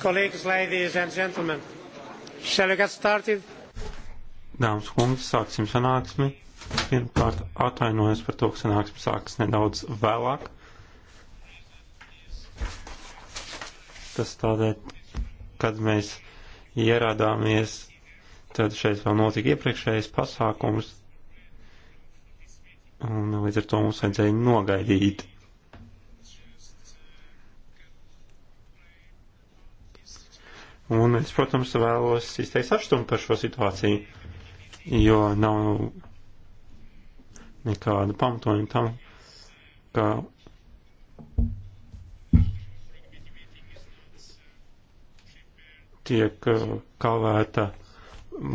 Kolēģis, ladies and gentlemen, shall we get started? Dāmas kungi, sāksim sanāksmi. Pirmkārt, atvainojos par to, ka sanāksme sāks nedaudz vēlāk. Tas tādēļ, kad mēs ieradāmies, tad šeit vēl notika iepriekšējais pasākums, un līdz ar to mums vajadzēja nogaidīt Un es, protams, vēlos izteikt saštumu par šo situāciju, jo nav nekāda pamatojuma tam, ka tiek uh, kavēta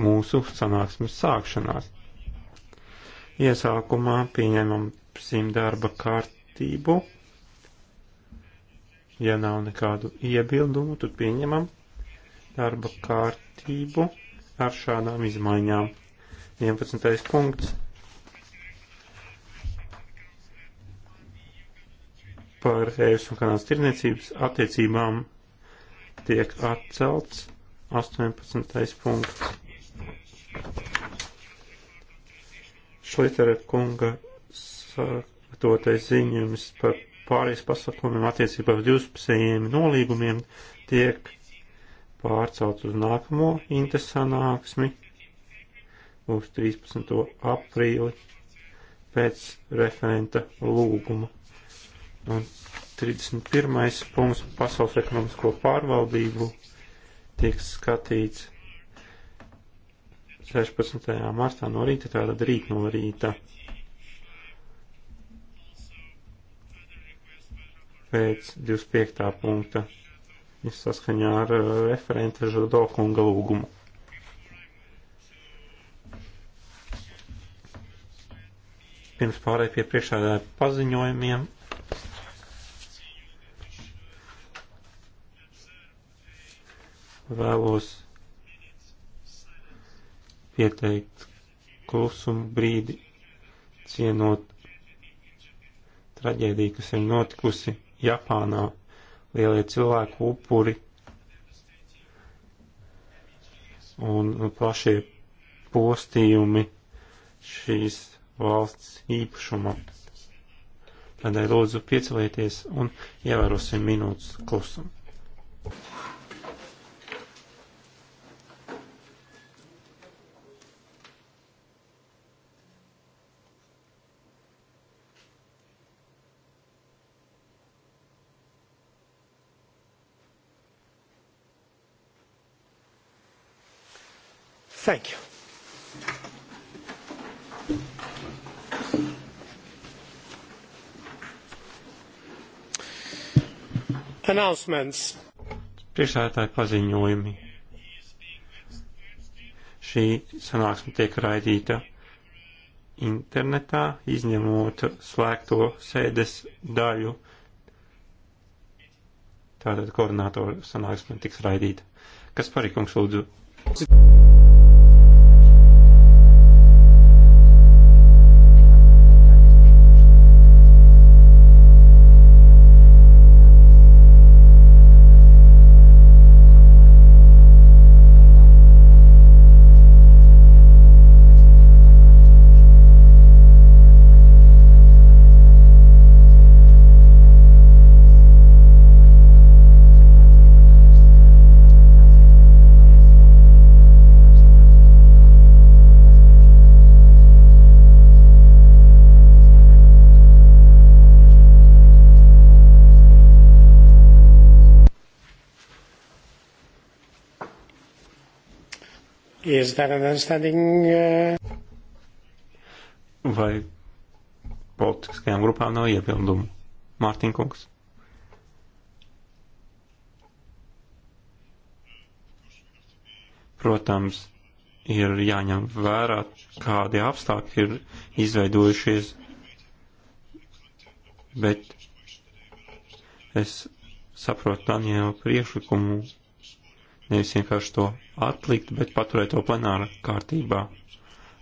mūsu sanāksmes sākšanās. Iesākumā pieņemam sim darba kārtību. Ja nav nekādu iebildumu, tad pieņemam darba kārtību ar šādām izmaiņām. 11. punkts. Par ES un Kanādas tirniecības attiecībām tiek atcelts 18. punkts. Šlitera kunga sagatavotais ziņojums par pārējais pasākumiem attiecībā uz divspusējiem nolīgumiem tiek pārcelt uz nākamo interesanāksmi uz 13. aprīli pēc referenta lūguma. Un 31. punkts pasaules ekonomisko pārvaldību tiek skatīts 16. martā no rīta, tātad rīt no rīta. Pēc 25. punkta saskaņā ar eh, referenta Žado kunga lūgumu. Pirms pārēj pie priekšādāja paziņojumiem. Vēlos pieteikt klusumu brīdi, cienot traģēdiju, kas ir notikusi Japānā lielie cilvēku upuri un plašie postījumi šīs valsts īpašumā. Tādēļ lūdzu piecelieties un ievērosim minūtes klusumu. announcements. Priekšsētāji paziņojumi. Šī sanāksme tiek raidīta internetā, izņemot slēgto sēdes daļu. Tātad koordinātoru sanāksme tiks raidīta. Kas parīkums lūdzu? that an understanding? Uh... Vai politiskajām grupām nav iebildumu? Mārtiņkungs. Protams, ir jāņem vērā, kādi apstākļi ir izveidojušies, bet es saprotu Daniela priekšlikumu, nevis vienkārši to atlikt, bet paturēt to plenāra kārtībā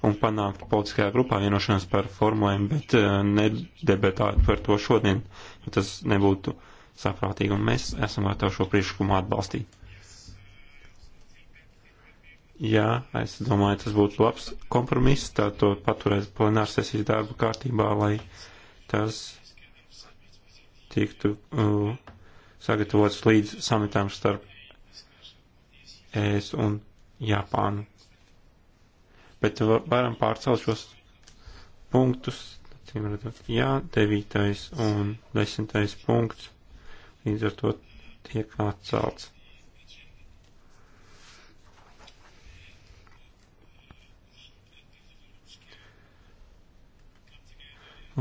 un panākt politiskajā grupā vienošanos par formulēm, bet eh, nedebetāt par to šodien, jo tas nebūtu saprātīgi, un mēs esam gatavi šo priekšlikumu atbalstīt. Jā, es domāju, tas būtu labs kompromiss, tā to paturēt plenārsesijas darba kārtībā, lai tas tiktu uh, sagatavots līdz samitām starp ES un Japānu. Bet varam pārcelt šos punktus, acīm redzot, jā, devītais un desmitais punkts, līdz ar to tiek atcelts.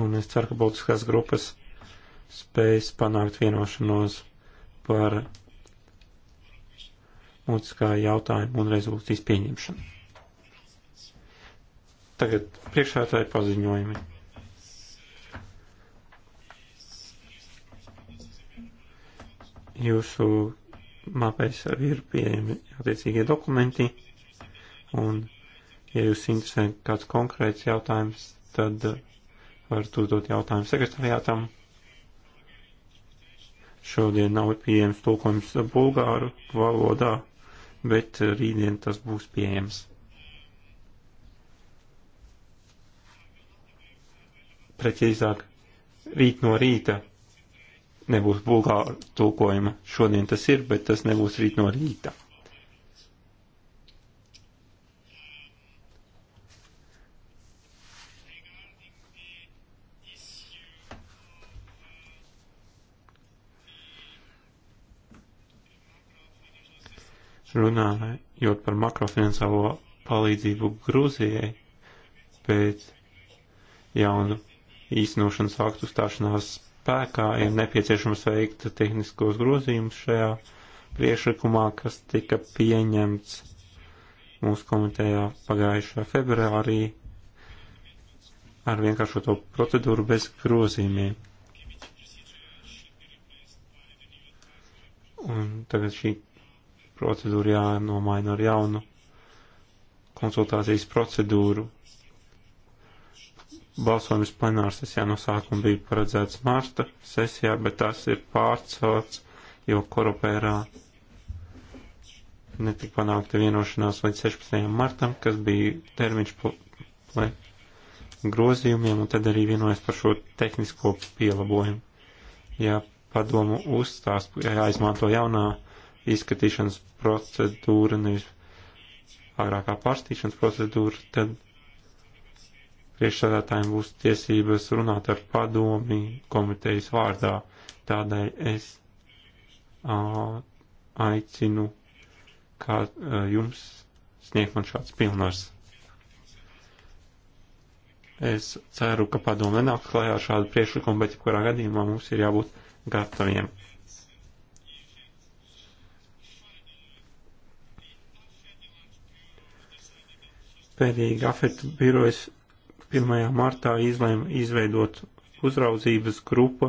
un es ceru, ka būtiskās grupas spējas panākt vienošanos par mutiskā jautājuma un rezolūcijas pieņemšanu. Tagad priekšētāji paziņojumi. Jūsu mapēs ir pieejami attiecīgie dokumenti, un, ja jūs interesē kāds konkrēts jautājums, tad varat uzdot jautājumu sekretariātam. Šodien nav pieejams tulkojums bulgāru valodā bet eh, rītdien tas būs pieejams. Precīzāk, rīt no rīta nebūs bulgāru tulkojuma. Šodien tas ir, bet tas nebūs rīt no rīta. runājot par makrofinansālo palīdzību Grūzijai pēc jaunu īstenošanas aktu stāšanās spēkā, ir nepieciešams veikt tehniskos grozījumus šajā priešlikumā, kas tika pieņemts mūsu komitejā pagājušā februārī ar vienkāršoto procedūru bez grozījumiem. Un tagad šī procedūra jānomaina ar jaunu konsultācijas procedūru. Balsojums plenāra sesijā no sākuma bija paredzēts marta sesijā, bet tas ir pārcelts, jo koropērā netika panākta vienošanās līdz 16. martam, kas bija termiņš grozījumiem, un tad arī vienojas par šo tehnisko pielabojumu. Ja padomu uzstās, ja jāizmanto jaunā izskatīšanas procedūra, nevis agrākā pārstīšanas procedūra, tad priekšsādātājiem būs tiesības runāt ar padomi komitejas vārdā. Tādēļ es a, aicinu, kā a, jums sniegt man šāds pilnvars. Es ceru, ka padomu nenāks klajā ar šādu priekšlikumu, bet jebkurā gadījumā mums ir jābūt gataviem. Ilgspējīgi afektu birojas 1. martā izlēma izveidot uzraudzības grupu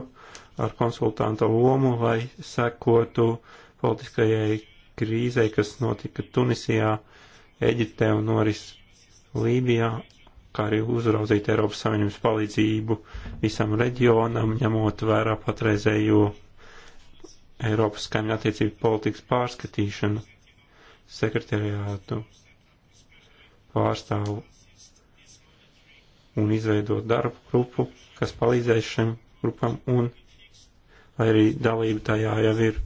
ar konsultanta lomu, lai sekotu politiskajai krīzei, kas notika Tunisijā, Eģiptē un noris Lībijā, kā arī uzraudzīt Eiropas Savienības palīdzību visam reģionam, ņemot vērā patreizējo Eiropas kaimiņu attiecību politikas pārskatīšanu sekretariātu pārstāvu un izveidot darbu grupu, kas palīdzēs šiem grupam un, lai arī dalība tajā jau ir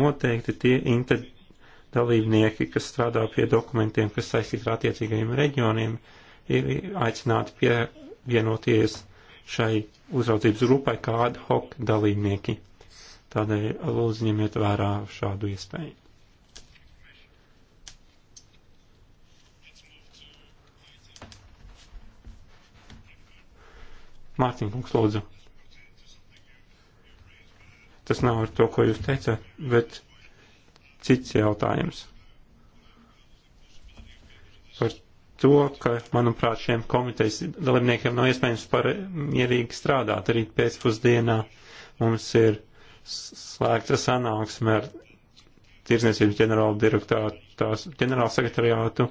noteikti tie interdalībnieki, kas strādā pie dokumentiem, kas saistīti ar attiecīgajiem reģioniem, ir aicināti pievienoties šai uzraudzības grupai kā ad hoc dalībnieki. Tādēļ lūdzu ņemiet vērā šādu iespēju. Mārtiņ, kungs, lūdzu. Tas nav ar to, ko jūs teicāt, bet cits jautājums. Par to, ka, manuprāt, šiem komitejas dalībniekiem nav iespējams par mierīgi strādāt. Arī pēcpusdienā mums ir slēgta sanāksme ar tirsniecības ģenerāla direktātās, ģenerāla sekretariātu.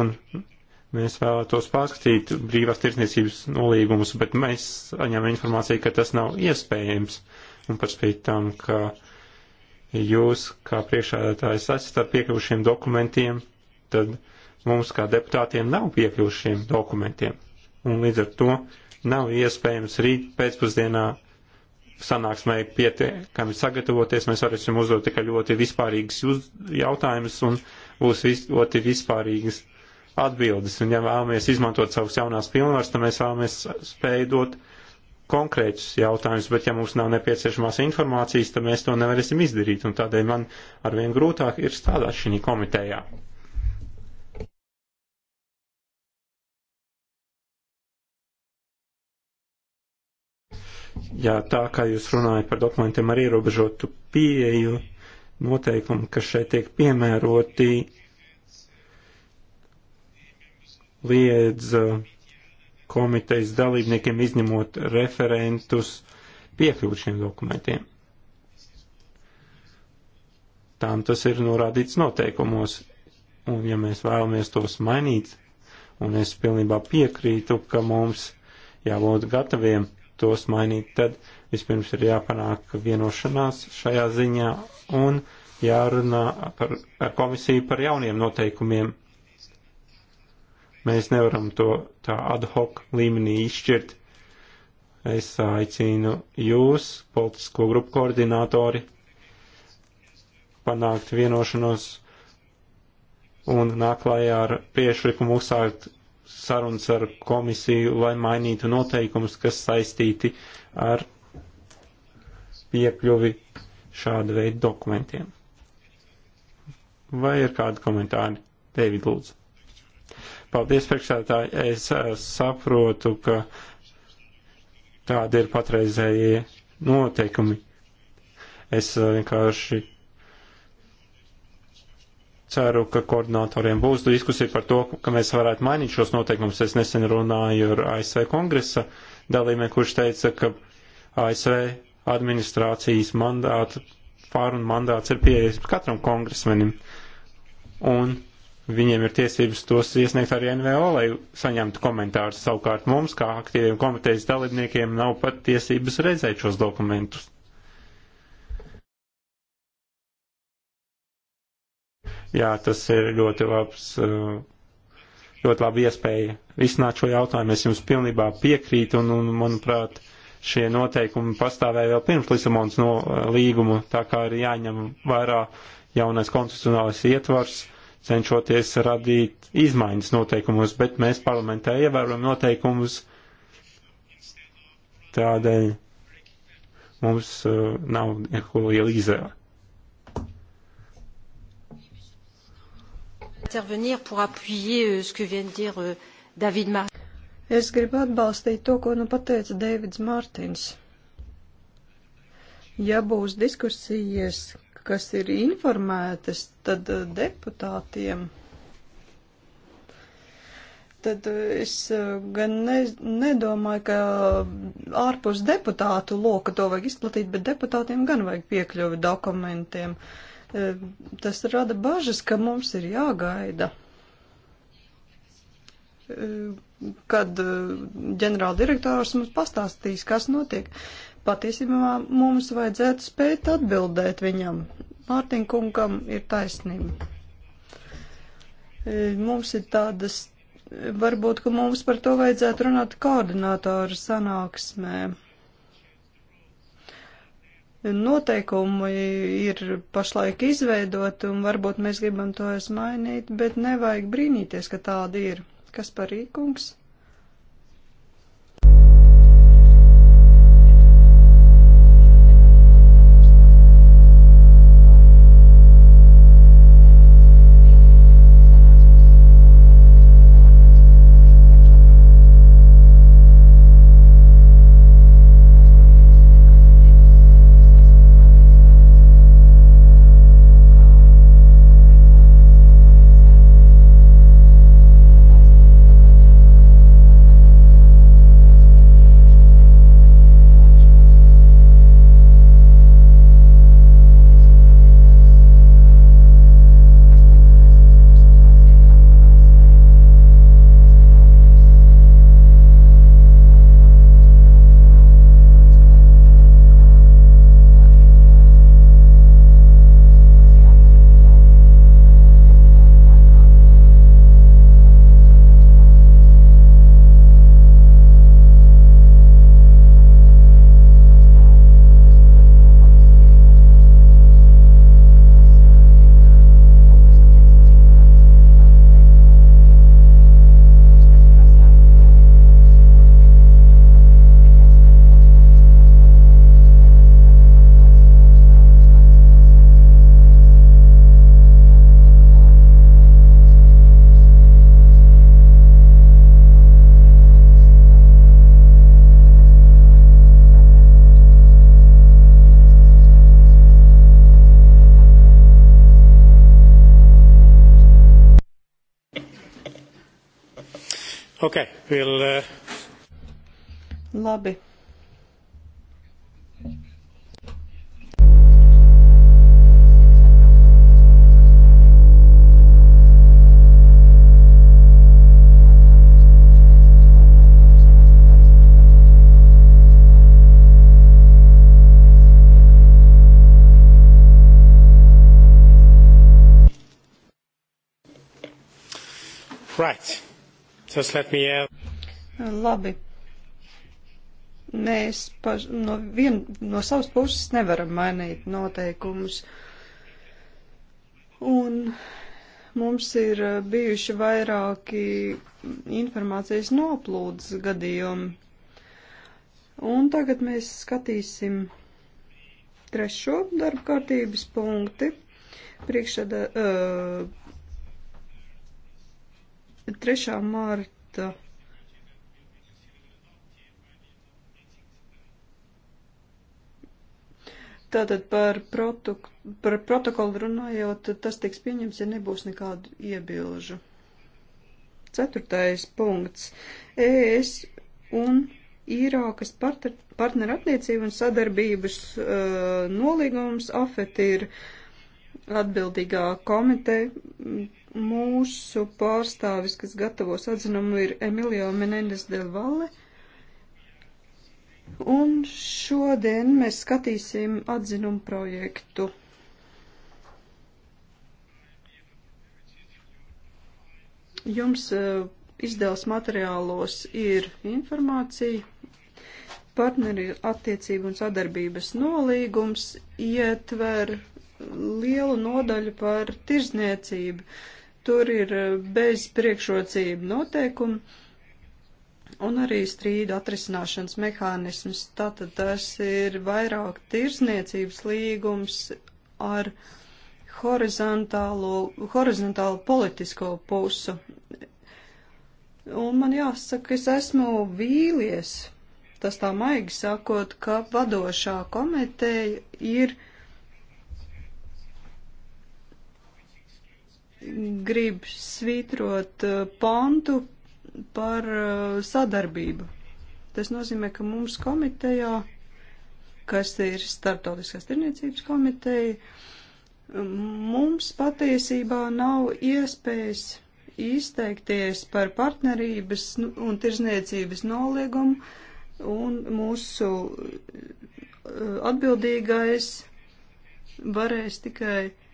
Un Mēs vēlētos pārskatīt brīvās tirsniecības nolīgumus, bet mēs saņēmām informāciju, ka tas nav iespējams. Un par spīti tam, ka jūs, kā priekšādātājs, esat ar piekļuvušiem dokumentiem, tad mums kā deputātiem nav piekļuvušiem dokumentiem. Un līdz ar to nav iespējams rīt pēcpusdienā sanāksmē pietiekami sagatavoties. Mēs varēsim uzdot tikai ļoti vispārīgas jautājumus un būs ļoti vispārīgas atbildes, un ja vēlamies izmantot savus jaunās pilnvaras, tad mēs vēlamies spēju dot konkrētus jautājumus, bet ja mums nav nepieciešamās informācijas, tad mēs to nevarēsim izdarīt, un tādēļ man arvien grūtāk ir strādāt šī komitejā. Jā, tā kā jūs runājat par dokumentiem ar ierobežotu pieeju, noteikumi, kas šeit tiek piemēroti, liedz uh, komitejas dalībniekiem izņemot referentus piekļūt šiem dokumentiem. Tām tas ir norādīts noteikumos, un ja mēs vēlamies tos mainīt, un es pilnībā piekrītu, ka mums jābūt gataviem tos mainīt, tad vispirms ir jāpanāk vienošanās šajā ziņā un jārunā par, ar komisiju par jauniem noteikumiem Mēs nevaram to tā ad hoc līmenī izšķirt. Es aicinu jūs, politisko grupu koordinātori, panākt vienošanos un nāklājā ar priešlikumu uzsākt sarunas ar komisiju, lai mainītu noteikumus, kas saistīti ar piekļuvi šāda veida dokumentiem. Vai ir kādi komentāri? David, lūdzu. Paldies, priekšsētāji. Es eh, saprotu, ka tādi ir patreizējie noteikumi. Es eh, vienkārši ceru, ka koordinatoriem būs diskusija par to, ka mēs varētu mainīt šos noteikumus. Es nesen runāju ar ASV kongresa dalībnieku, kurš teica, ka ASV administrācijas mandāta, pārunu mandāts ir pieejams katram kongresmenim. Un Viņiem ir tiesības tos iesniegt arī NVO, lai saņemtu komentārus. Savukārt mums, kā aktīviem komitejas dalībniekiem, nav pat tiesības redzēt šos dokumentus. Jā, tas ir ļoti labs, uh, ļoti laba iespēja risināt šo jautājumu. Es jums pilnībā piekrītu un, un manuprāt, šie noteikumi pastāvēja vēl pirms Lisabonas no uh, līgumu, tā kā ir jāņem vērā jaunais konstitucionālais ietvars, cenšoties radīt izmaiņas noteikumos, bet mēs parlamentā ievērojam noteikumus. Tādēļ mums uh, nav neko liela izvēle. intervenir pour appuyer euh, ce que vient de dire euh, David Martin. Es gribu atbalstīt to, ko nu pateica Deivids Mārtiņš. Ja būs diskusijas, kas ir informētas, tad eh, deputātiem. Tad eh, es eh, gan ne, nedomāju, ka ārpus deputātu loka to vajag izplatīt, bet deputātiem gan vajag piekļuvi dokumentiem. Tas rada bažas, ka mums ir jāgaida kad ģenerāldirektors mums pastāstīs, kas notiek. Patiesībā mums vajadzētu spēt atbildēt viņam. Mārtiņkungam ir taisnība. E, mums ir tādas, varbūt, ka mums par to vajadzētu runāt koordinātoru sanāksmē. Noteikumi ir pašlaik izveidoti, un varbūt mēs gribam to es mainīt, bet nevajag brīnīties, ka tāda ir. Kas par rīkungs? Just let me add. Uh, Labi. Mēs paž, no, vien, no savas puses nevaram mainīt noteikumus. Un mums ir uh, bijuši vairāki informācijas noplūdes gadījumi. Un tagad mēs skatīsim trešo darba kārtības punkti. Priekšādā, uh, 3. marta Tātad par, protok par protokolu runājot, tas tiks pieņems, ja nebūs nekādu iebilžu. Ceturtais punkts. ES un Īrākas partner, partnerattiecību un sadarbības uh, nolīgums AFET ir atbildīgā komiteja Mūsu pārstāvis, kas gatavos atzinumu, ir Emilio Menendez del Valle. Un šodien mēs skatīsim atzinumu projektu. Jums eh, izdevas materiālos ir informācija partneri attiecību un sadarbības nolīgums ietver lielu nodaļu par tirzniecību. Tur ir e, bez priekšrocību noteikumi un arī strīdu atrisināšanas mehānisms. Tātad tas ir vairāk tirsniecības līgums ar horizontālo politisko pusu. Un man jāsaka, es esmu vīlies, tas tā maigi sakot, ka vadošā komiteja ir grib svītrot uh, pantu par uh, sadarbību. Tas nozīmē, ka mums komitejā, kas ir Startautiskās tirniecības komiteja, um, mums patiesībā nav iespējas izteikties par partnerības nu, un tirzniecības noliegumu, un mūsu uh, atbildīgais varēs tikai uh,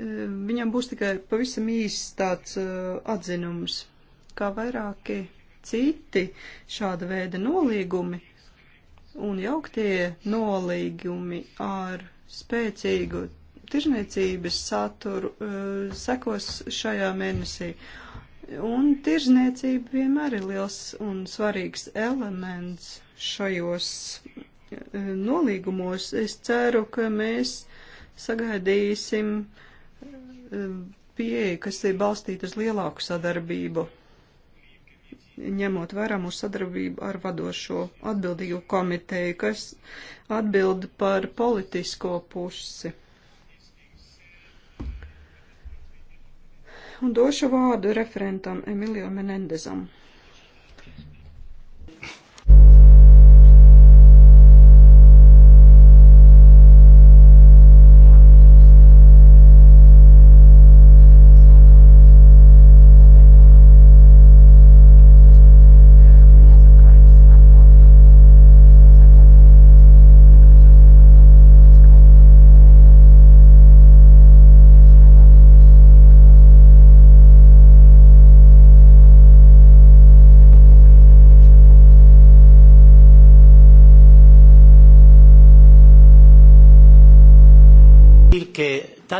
viņam būs tikai pavisam īsts tāds uh, atzinums, kā vairāki citi šāda veida nolīgumi un jauktie nolīgumi ar spēcīgu tirzniecības saturu uh, sekos šajā mēnesī. Un tirzniecība vienmēr ir liels un svarīgs elements šajos uh, nolīgumos. Es ceru, ka mēs sagaidīsim uh, pieeja, kas ir balstīta uz lielāku sadarbību, ņemot vērā mūsu sadarbību ar vadošo atbildīgo komiteju, kas atbild par politisko pusi. Un došu vārdu referentam Emilio Menendezam.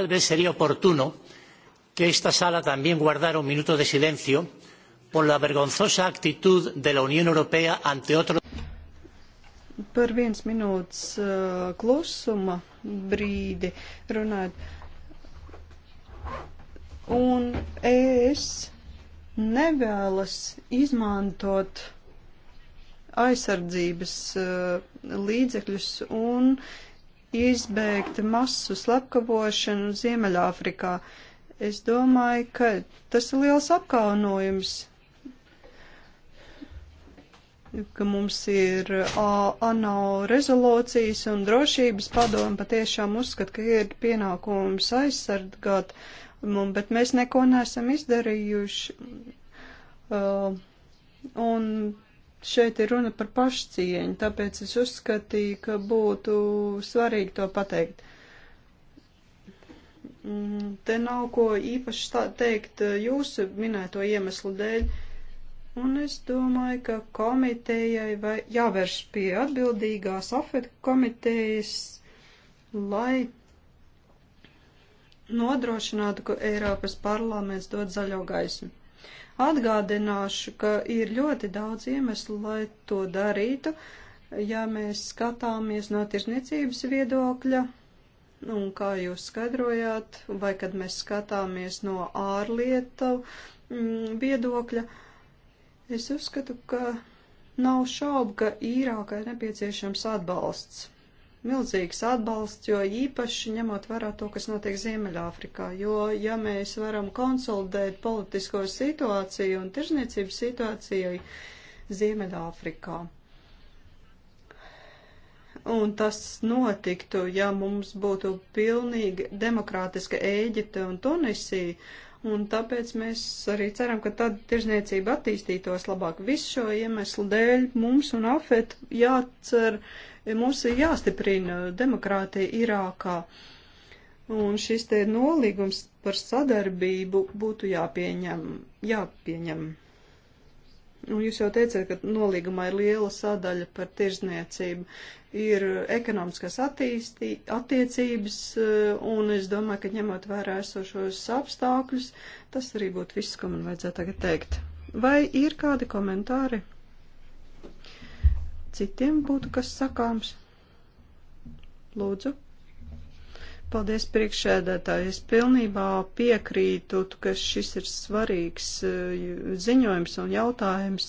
tal vez sería oportuno que esta sala también guardara un minuto de silencio por la vergonzosa actitud de la Unión Europea ante otro. Par viens minūtes uh, klusuma brīdi runājot. Un es nevēlas izmantot aizsardzības uh, līdzekļus un uh, izbeigt masu slepkavošanu Ziemeļāfrikā. Es domāju, ka tas ir liels apkaunojums, ka mums ir ANO rezolūcijas un drošības padomu patiešām uzskat, ka ir pienākums aizsargāt, bet mēs neko nesam izdarījuši. Uh, un šeit ir runa par pašcieņu, tāpēc es uzskatīju, ka būtu svarīgi to pateikt. Mm, te nav ko īpaši teikt eh, jūsu minēto iemeslu dēļ, un es domāju, ka komitejai jāvērš pie atbildīgās afetu komitejas, lai nodrošinātu, ka Eiropas parlaments dod zaļo gaismu. Atgādināšu, ka ir ļoti daudz iemeslu, lai to darītu, ja mēs skatāmies no tirsniecības viedokļa, un kā jūs skaidrojāt, vai kad mēs skatāmies no ārlietu mm, viedokļa, es uzskatu, ka nav šaubu, ka īrākai nepieciešams atbalsts milzīgs atbalsts, jo īpaši ņemot vērā to, kas notiek Ziemeļāfrikā. Jo, ja mēs varam konsolidēt politisko situāciju un tirzniecības situācijai Ziemeļāfrikā, un tas notiktu, ja mums būtu pilnīgi demokrātiska Ēģipte un Tunisija, un tāpēc mēs arī ceram, ka tad tirzniecība attīstītos labāk. Visu šo iemeslu dēļ mums un afet jācer, mums ir jāstiprina demokrātija Irākā. Un šis te nolīgums par sadarbību būtu jāpieņem. jāpieņem. Un nu, jūs jau teicat, ka nolīgumā ir liela sadaļa par tirzniecību, ir ekonomiskās attīstī, attiecības, eh, un es domāju, ka ņemot vērā esošos apstākļus, tas arī būtu viss, ko man vajadzētu tagad teikt. Vai ir kādi komentāri? Citiem būtu kas sakāms? Lūdzu. Paldies priekšēdētāji. Es pilnībā piekrītu, ka šis ir svarīgs eh, ziņojums un jautājums.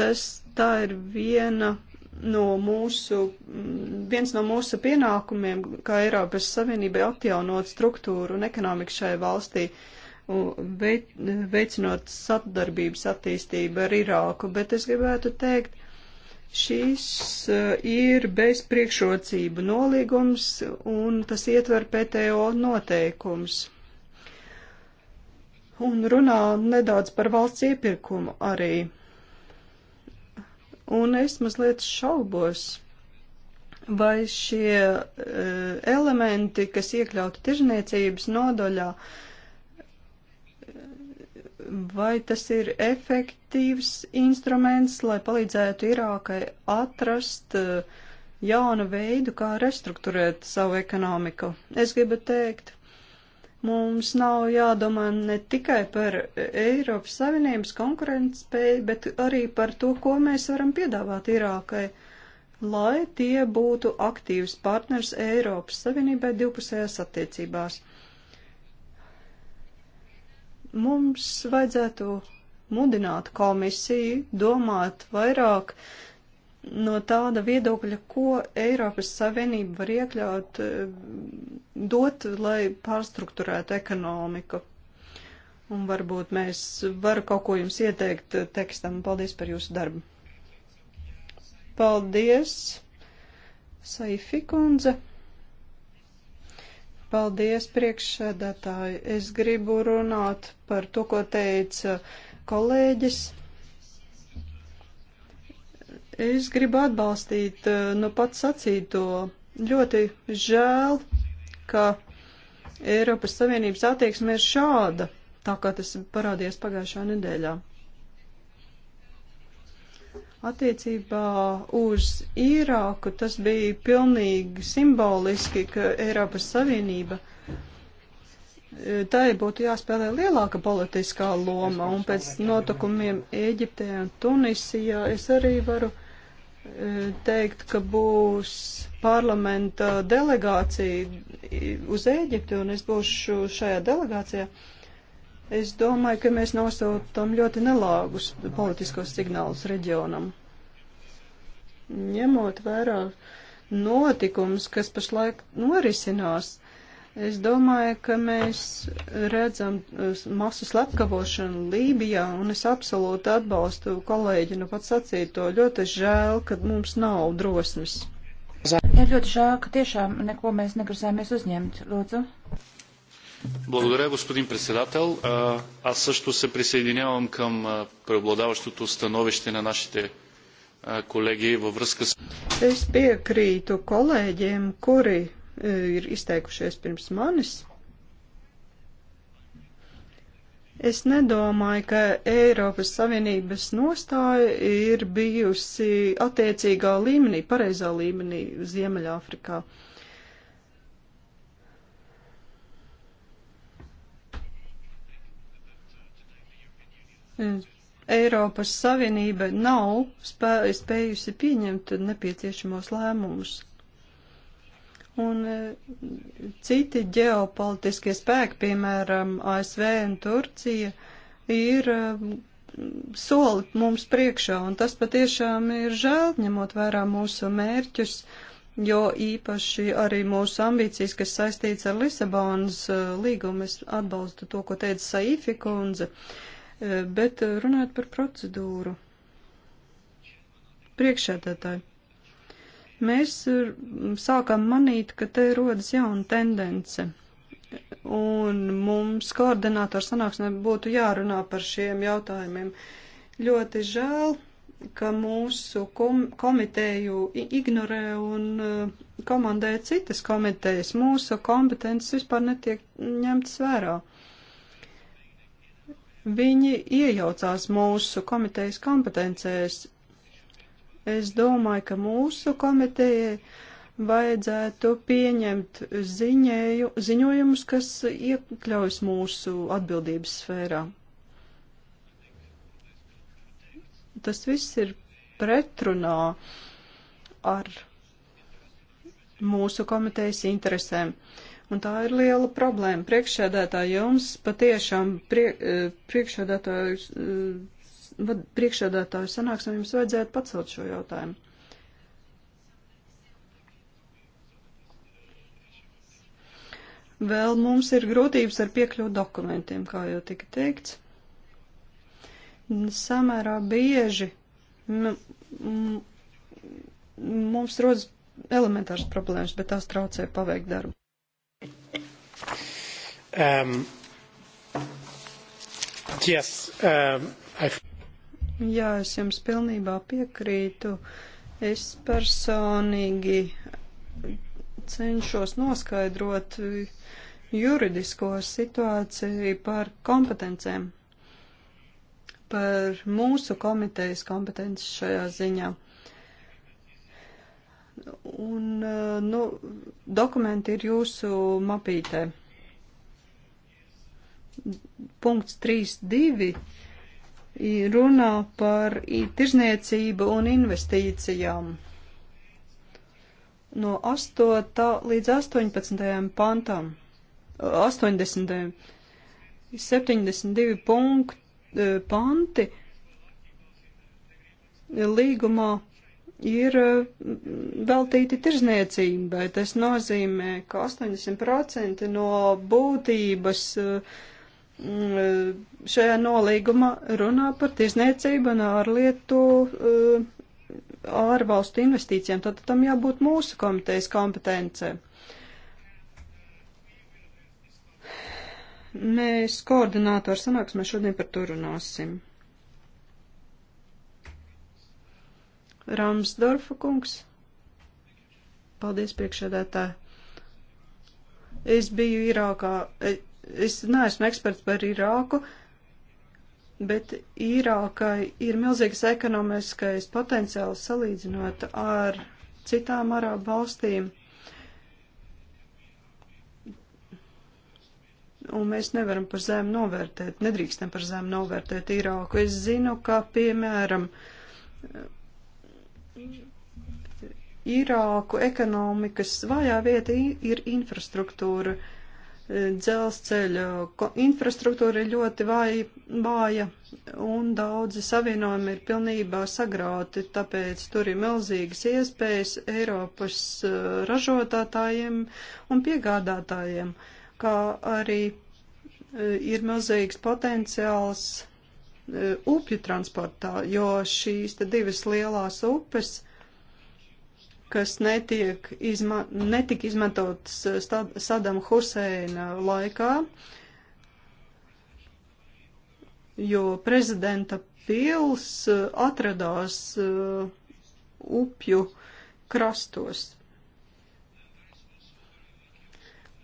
Tas tā ir viena no mūsu, mm, viens no mūsu pienākumiem, kā Eiropas Savienībai atjaunot struktūru un ekonomiku šai valstī, veicinot sadarbības attīstību ar Irāku. Bet es gribētu teikt, Šis eh, ir bez priekšrocību nolīgums un tas ietver PTO noteikums. Un runā nedaudz par valsts iepirkumu arī. Un es mazliet šaubos, vai šie uh, elementi, kas iekļauti tirzniecības nodaļā, uh, vai tas ir efektīvs instruments, lai palīdzētu Irākai atrast uh, jaunu veidu, kā restruktūrēt savu ekonomiku. Es gribu teikt, mums nav jādomā ne tikai par Eiropas Savienības konkurētspēju, bet arī par to, ko mēs varam piedāvāt Irākai, lai tie būtu aktīvs partners Eiropas Savienībai divpusējās attiecībās. Mums vajadzētu mudināt komisiju domāt vairāk no tāda viedokļa, ko Eiropas Savienība var iekļaut, eh, dot, lai pārstruktūrētu ekonomiku. Un varbūt mēs varu kaut ko jums ieteikt tekstam. Paldies par jūsu darbu. Paldies, Saifi kundze. Paldies, priekšsēdētāji. Es gribu runāt par to, ko teica kolēģis. Es gribu atbalstīt eh, nu pats sacīto. Ļoti žēl, ka Eiropas Savienības attieksme ir šāda, tā kā tas parādījās pagājušā nedēļā. Attiecībā uz Īrāku tas bija pilnīgi simboliski, ka Eiropas Savienība e, tai būtu jāspēlē lielāka politiskā loma, un pēc notikumiem Ēģiptē un Tunisijā es arī varu e, teikt, ka būs parlamenta delegācija uz Ēģipti, un es būšu šajā delegācijā. Uh, Es domāju, ka mēs nosūtām ļoti nelāgus politiskos signālus reģionam. Ņemot vērā notikums, kas pašlaik norisinās, es domāju, ka mēs redzam uh, masu slepkavošanu Lībijā, un es absolūti atbalstu kolēģi, nu pat sacīto, ļoti žēl, ka mums nav drosmes. Ir ļoti žēl, ka tiešām neko mēs negrasāmies uzņemt. Lūdzu. Благодаря, господин председател. Аз също се присъединявам към преобладаващото становище на нашите kolēģi във връзка с... Es piekrītu kolēģiem, kuri e, ir izteikušies pirms manis. Es nedomāju, ka Eiropas Savienības nostāja ir bijusi attiecīgā līmenī, pareizā līmenī Ziemeļāfrikā. Uh, Eiropas Savienība nav spē, spējusi pieņemt nepieciešamos lēmumus. Un e, citi ģeopolitiskie spēki, piemēram, ASV un Turcija, ir e, soli mums priekšā, un tas patiešām ir žēl, ņemot vērā mūsu mērķus, jo īpaši arī mūsu ambīcijas, kas saistīts ar Lisabonas e, līgumu, es atbalstu to, ko teica Saifi kundze. Uh, Bet eh, runājot par procedūru, priekšēdētāji, mēs eh, sākām manīt, ka te rodas jauna tendence. Un mums koordinātoru sanāksmē būtu jārunā par šiem jautājumiem. Ļoti žēl, ka mūsu kom komiteju ignorē un eh, komandē citas komitejas. Mūsu kompetences vispār netiek ņemtas vērā. Uh, Viņi iejaucās mūsu komitejas kompetencēs. Es domāju, ka mūsu komitejai vajadzētu pieņemt ziņēju, ziņojumus, kas iekļaujas mūsu atbildības sfērā. Tas viss ir pretrunā ar mūsu komitejas interesēm. Uh, Un tā ir liela problēma. Priekšsēdētāji jums patiešām prie, e, priekšsēdētāju, e, priekšsēdētāju sanāksmē jums vajadzētu pacelt šo jautājumu. Vēl mums ir grūtības ar piekļuvu dokumentiem, kā jau tika teikts. Samērā bieži nu, mums rodas elementārs problēmas, bet tās traucē paveikt darbu. Um, yes, um, I... Jā, es jums pilnībā piekrītu. Es personīgi cenšos noskaidrot juridisko situāciju par kompetencēm, par mūsu komitejas kompetenci šajā ziņā. Un, eh, nu, dokumenti ir jūsu mapītē. Punkts 3.2 runā par tirzniecību un investīcijām. No 8. līdz 18. pantam, 80. 72 punkti, eh, panti līgumā ir mm, veltīti tirzniecībai. Tas nozīmē, ka 80% no būtības mm, šajā nolīgumā runā par tirzniecību un ārlietu mm, ārvalstu investīcijām. Tad tam jābūt mūsu komitejas kompetencē. Mēs koordinātoru sanāksmē šodien par to runāsim. Ramsdorfa kungs. Paldies, priekšsēdētāji. Es biju Irākā, e, es neesmu eksperts par Irāku, bet Irākai ir milzīgs ekonomiskais potenciāls salīdzinot ar citām arābu valstīm. Un mēs nevaram par zemu novērtēt, nedrīkstam par zemu novērtēt Irāku. Es zinu, ka, piemēram, Irāku ekonomikas vājā vieta ir infrastruktūra. E, dzelzceļa infrastruktūra ir ļoti vāja, vāja un daudzi savienojumi ir pilnībā sagrauti, tāpēc tur ir milzīgas iespējas Eiropas e, ražotājiem un piegādātājiem, kā arī e, ir milzīgs potenciāls Uh, upju transportā, jo šīs te divas lielās upes, kas netiek izma netika izmantotas uh, Sadama Huseina laikā, jo prezidenta pils uh, atradās upju krastos.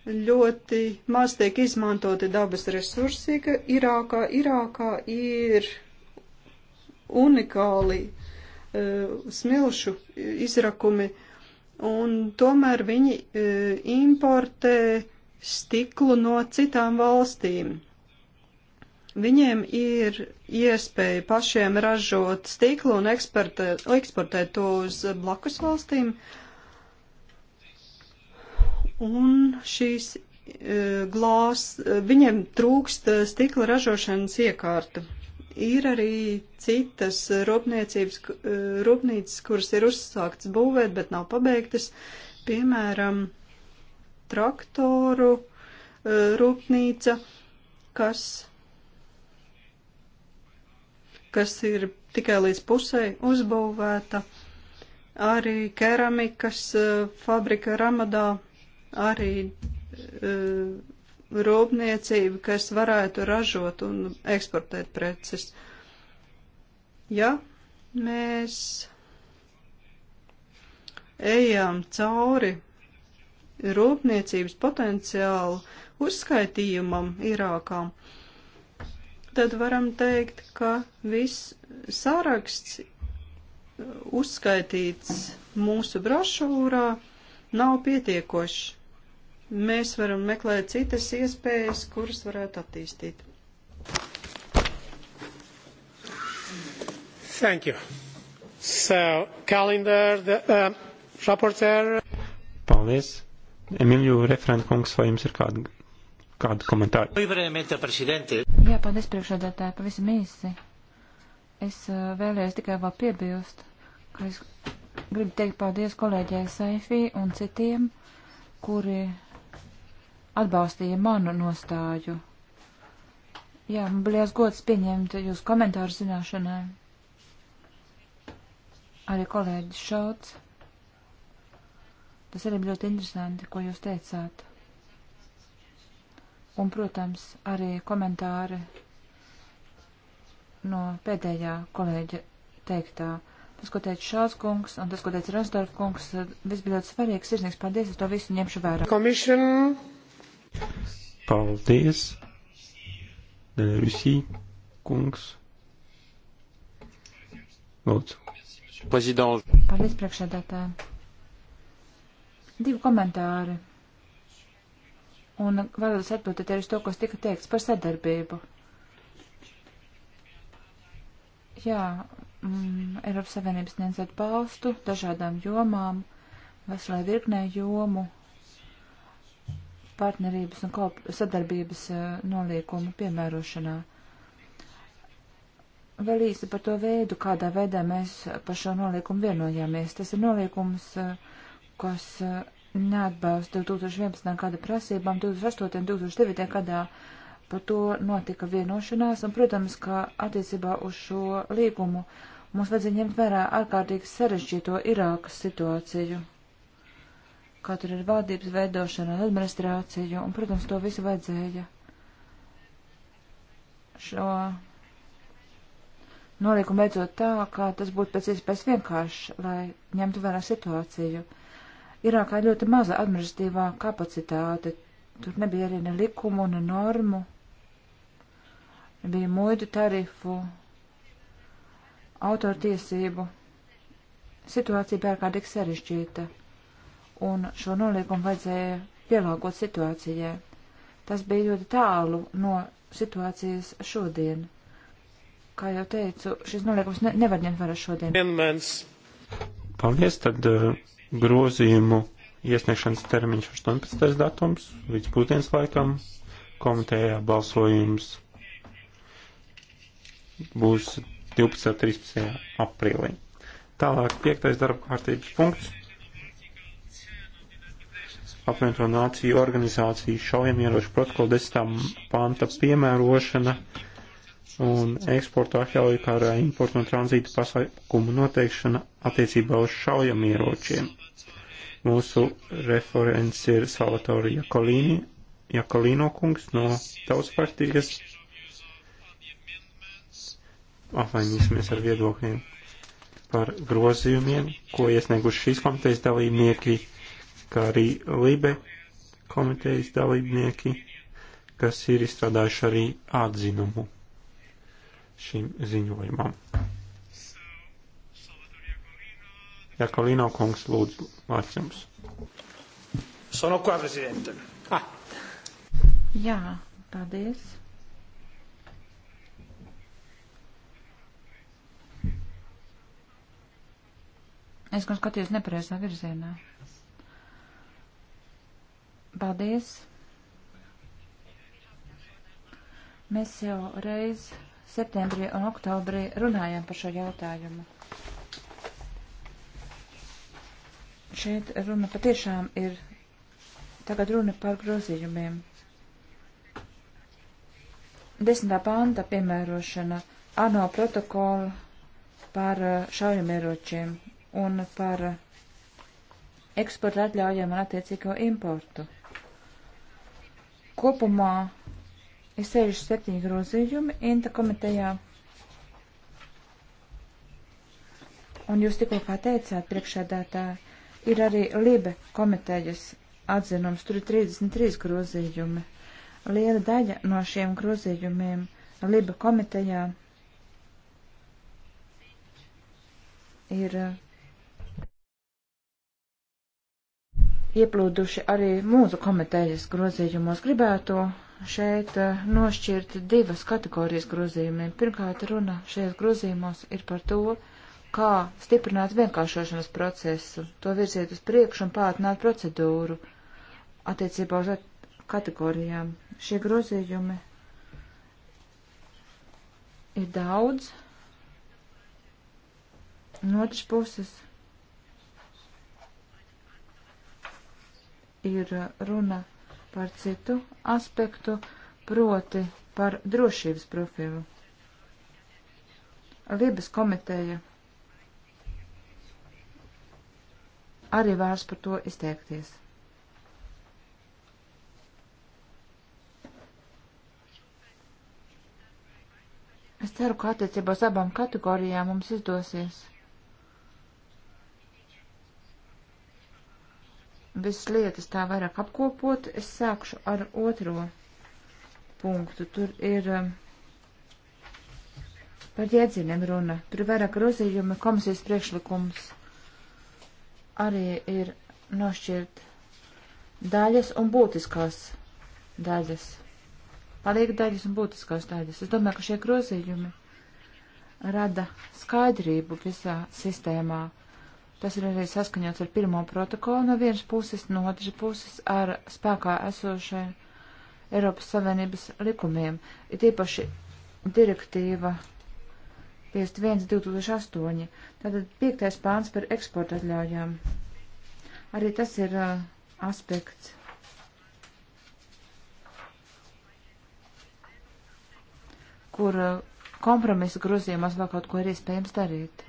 ļoti maz tiek izmantoti dabas resursi, ka Irākā, Irākā ir unikāli uh, smilšu izrakumi, un tomēr viņi uh, importē stiklu no citām valstīm. Viņiem ir iespēja pašiem ražot stiklu un eksportēt to uz blakus valstīm. Uh, Un šīs e, glās, e, viņiem trūkst e, stikla ražošanas iekārtu. Ir arī citas rūpniecības, rūpnīcas, kuras ir uzsāktas būvēt, bet nav pabeigtas. Piemēram, traktoru rūpnīca, kas, kas ir tikai līdz pusē uzbūvēta. Arī keramikas fabrika Ramadā arī eh, rūpniecība, kas varētu ražot un eksportēt preces. Ja mēs ejam cauri rūpniecības potenciālu uzskaitījumam Irākā, tad varam teikt, ka viss saraksts eh, uzskaitīts mūsu brošūrā nav pietiekošs mēs varam meklēt citas iespējas, kuras varētu attīstīt. Thank you. So, calendar, the um, rapporteur. Paldies. Emīļu referentu kungs, vai jums ir kāda, kāda komentāra? Jā, paldies priekšādātāji, pavisam īsi. Es uh, vēlējos tikai vēl piebilst, ka es gribu teikt paldies kolēģiem Saifī un citiem, kuri atbalstīja manu nostāju. Jā, man bija liels gods pieņemt jūsu komentāru zināšanai. Arī kolēģis šauts. Tas arī bija ļoti interesanti, ko jūs teicāt. Un, protams, arī komentāri no pēdējā kolēģa teiktā. Tas, ko teica Šāls kungs un tas, ko teica Rasdorf kungs, viss bija ļoti svarīgs. Sirsnīgs paldies, es to visu ņemšu vērā. Commission. Paldies, Rusī kungs. Lūdzu. Paldies, priekšsēdētā. Divi komentāri. Un vēlos atbildēt arī uz to, kas tika teikts par sadarbību. Jā, mm, Eiropas Savienības sniedz atbalstu dažādām jomām, veselai virknē jomu, partnerības un sadarbības eh, noliekumu piemērošanā. Vēl īsi par to veidu, kādā veidā mēs par šo noliekumu vienojāmies. Tas ir noliekums, eh, kas eh, neatbalsta 2011. gada prasībām, 2008. un 2009. gadā par to notika vienošanās, un, protams, ka attiecībā uz šo līgumu mums vajadzēja ņemt vērā ārkārtīgi sarežģīto Irākas situāciju kā tur ir valdības veidošana un administrācija, un, protams, to visu vajadzēja šo nolikumu beidzot tā, kā tas būtu pēc iespējas vienkārši, lai ņemtu vērā situāciju. Irākā ir ļoti maza administratīvā kapacitāte, tur nebija arī ne likumu, ne normu, nebija muidu tarifu, autortiesību. Situācija bija ārkārtīgi sarežģīta un šo noliegumu vajadzēja pielāgot situācijai. Tas bija ļoti tālu no situācijas šodien. Kā jau teicu, šis noliegums ne, nevar ņemt vērā šodien. Paldies, tad eh, grozījumu iesniegšanas termiņš 18. datums līdz pusdienas laikam. Komitējā balsojums būs 12. 13. aprīlī. Tālāk piektais darba kārtības punkts apvienoto nāciju organizāciju šaujamieroču protokola 10. panta piemērošana un eksporta atļauja, kā arī importu un tranzītu pasākumu noteikšana attiecībā uz šaujamieročiem. Mūsu referents ir Salvatore Jakolini, Jakolino kungs no Tautas partijas. Apvainīsimies ar viedokļiem par grozījumiem, ko iesnieguši šīs komitejas dalībnieki kā arī Libe komitejas dalībnieki, kas ir izstrādājuši arī atzinumu šim ziņojumam. Jakolino kungs, lūdzu, vārds jums. Sono qua, prezidente. Ah. Jā, paldies. Es gan skatījos nepareizā virzienā. Paldies! Mēs jau reiz septembrī un oktobrī runājām par šo jautājumu. Šeit runa patiešām ir tagad runa par grozījumiem. Desmitā panta piemērošana ANO protokolu par uh, šaujamieročiem un par uh, eksporta atļaujām un attiecīgo importu. Kopumā ir 67 grozījumi Inta komitejā. Un jūs tikko kā teicāt, priekšēdētā ir arī Libe komitejas atzinums, tur ir 33 grozījumi. Liela daļa no šiem grozījumiem Liba komitejā ir ieplūduši arī mūsu komitejas grozījumos. Gribētu šeit eh, nošķirt divas kategorijas grozījumiem. Pirmkārt, runa šajos grozījumos ir par to, kā stiprināt vienkāršošanas procesu, to virziet uz priekšu un pātrināt procedūru attiecībā uz kategorijām. Šie grozījumi ir daudz. No otras puses ir runa par citu aspektu, proti par drošības profilu. Libas komiteja arī vēlas par to izteikties. Es ceru, ka attiecībā uz abām kategorijām mums izdosies visas lietas tā vairāk apkopot, es sākšu ar otro punktu. Tur ir um, par jēdzieniem runa. Tur ir vairāk grozījumi, komisijas priekšlikums arī ir nošķirt daļas un būtiskās daļas. Paliek daļas un būtiskās daļas. Es domāju, ka šie grozījumi rada skaidrību visā sistēmā Tas ir arī saskaņots ar pirmo protokolu no vienas puses, no otras puses ar spēkā esošajiem Eiropas Savienības likumiem. Ir tīpaši direktīva 51-2008, tātad piektais pāns par eksporta atļaujām. Arī tas ir uh, aspekts. kur uh, kompromisa grozījumos vēl kaut ko ir iespējams darīt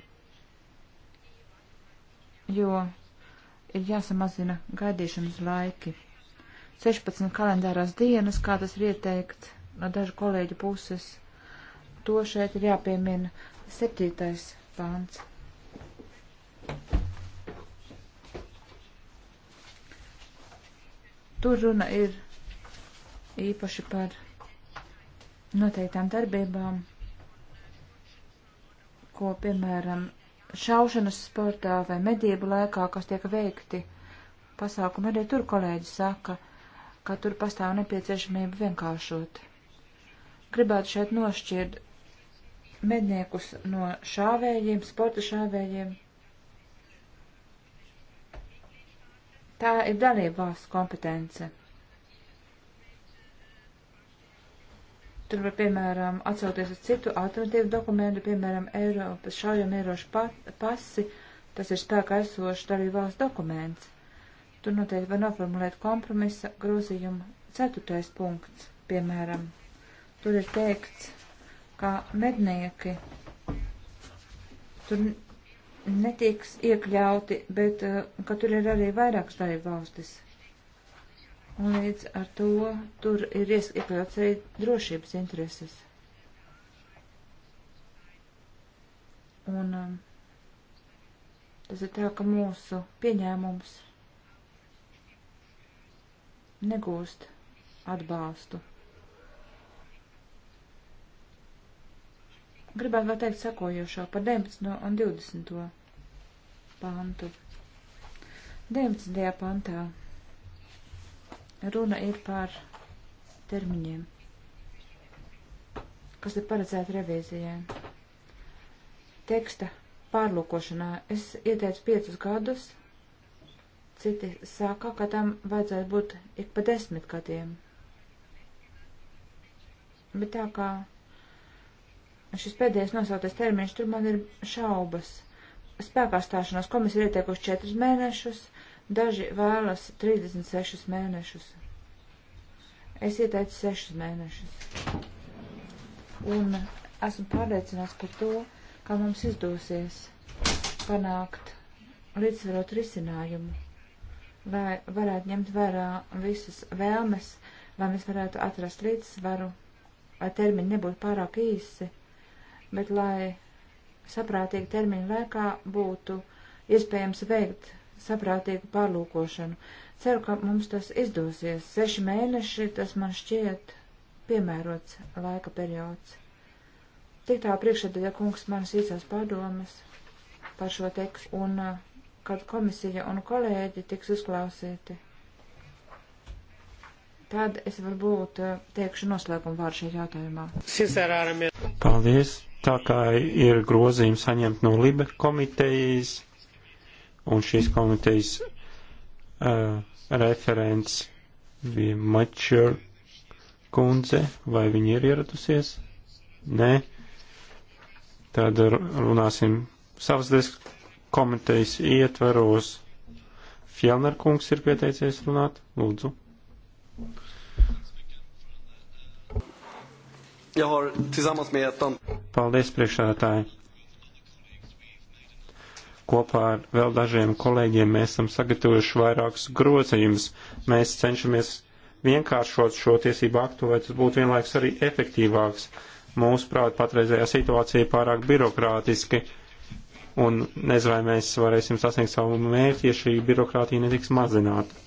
jo ir jāsamazina gaidīšanas laiki. 16 kalendārās dienas, kā tas ir ieteikt no dažu kolēģu puses, to šeit ir jāpiemina 7. pāns. Tur runa ir īpaši par noteiktām darbībām, ko, piemēram, šaušanas sportā vai medību laikā, kas tiek veikti pasākumi, arī tur kolēģi saka, ka tur pastāv nepieciešamība vienkāršot. Gribētu šeit nošķirt medniekus no šāvējiem, sporta šāvējiem. Tā ir dalība valsts kompetence. Tur var, piemēram, atsaukties uz citu alternatīvu dokumentu, piemēram, Eiropas šaujam Eirošu pasi, tas ir spēkā esošs darīja valsts dokuments. Tur noteikti var noformulēt kompromisa grozījumu. Ceturtais punkts, piemēram, tur ir teikts, ka mednieki tur netiks iekļauti, bet eh, ka tur ir arī vairākas darīja valstis un līdz ar to tur ir iekļauts arī drošības intereses. Un um, tas ir tā, ka mūsu pieņēmums negūst atbalstu. Gribētu vēl teikt sekojošo par 19. un 20. pantu. 19. pantā Runa ir par termiņiem, kas ir paredzēti revīzijai. Teksta pārlūkošanā es ieteicu piecus gadus, citi saka, ka tam vajadzētu būt ik pa desmit gadiem. Bet tā kā šis pēdējais nosauktais termiņš, tur man ir šaubas. Spēkā stāšanās komisija ir ieteikuši četrus mēnešus, Daži vēlas 36 mēnešus. Es ieteicu 6 mēnešus. Un esmu pārliecināts par to, ka mums izdosies panākt līdzsvarot risinājumu, lai varētu ņemt vērā visas vēlmes, lai mēs varētu atrast līdzsvaru, lai termiņi nebūtu pārāk īsi, bet lai saprātīgi termiņu laikā būtu iespējams veikt saprātīgu pārlūkošanu. Ceru, ka mums tas izdosies. Seši mēneši tas man šķiet piemērots laika periods. Tik tā priekšsēdētā kungs manas īsās padomas par šo tekstu un uh, kad komisija un kolēģi tiks uzklausīti. Tad es varbūt uh, teikšu noslēgumu vārdu šajā jautājumā. Paldies! Tā kā ir grozījums saņemt no Libe komitejas un šīs komitejas uh, referents bija Mačer kundze, vai viņa ir ieradusies? Nē. Tad runāsim savas komitejas ietveros. Fjellner kungs ir pieteicies runāt. Lūdzu. Paldies, priekšādātāji. Kopā ar vēl dažiem kolēģiem mēs esam sagatavojuši vairākus grozījumus. Mēs cenšamies vienkāršot šo tiesību aktu, lai tas būtu vienlaiks arī efektīvāks. Mūsuprāt, patreizējā situācija pārāk birokrātiski un nezinu, vai mēs varēsim sasniegt savu mērķi, ja šī birokrātija netiks mazināta.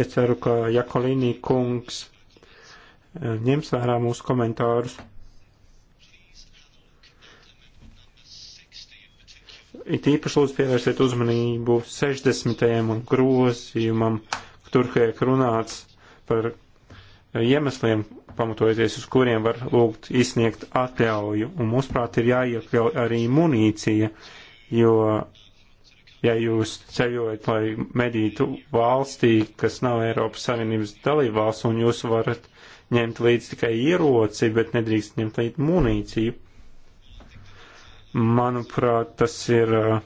Es ceru, ka Jakolīnī kungs eh, ņems vērā mūsu komentārus. it īpaši lūdzu pievērsiet uzmanību 60. grozījumam, tur tiek runāts par eh, iemesliem, pamatojoties uz kuriem var lūgt izsniegt atļauju, un mūsuprāt ir jāiekļauj arī munīcija, jo, ja jūs ceļojat, lai medītu valstī, kas nav Eiropas Savienības dalībvalsts, un jūs varat ņemt līdz tikai ieroci, bet nedrīkst ņemt līdz munīciju, Manuprāt, tas ir uh,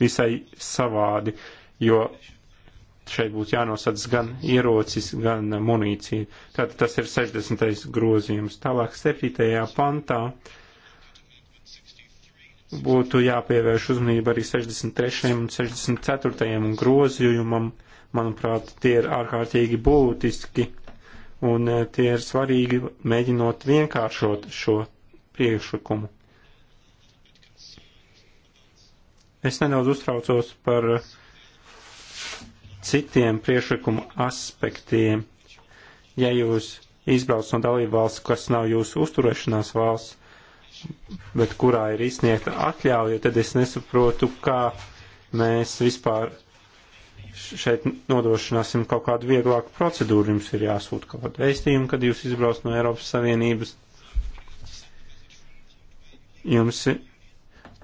visai savādi, jo šeit būtu jānosadz gan ierocis, gan munīcija. Tātad tas ir 60. grozījums. Tālāk 7. pantā būtu jāpievērš uzmanība arī 63. un 64. grozījumam. Manuprāt, tie ir ārkārtīgi būtiski un uh, tie ir svarīgi mēģinot vienkāršot šo priekšlikumu. Es nedaudz uztraucos par citiem priešlikumu aspektiem. Ja jūs izbrauc no dalību valsts, kas nav jūsu uzturēšanās valsts, bet kurā ir izsniegta atļauja, tad es nesaprotu, kā mēs vispār šeit nodrošināsim kaut kādu vieglāku procedūru. Jums ir jāsūt kaut kādu vēstījumu, kad jūs izbrauc no Eiropas Savienības. Jums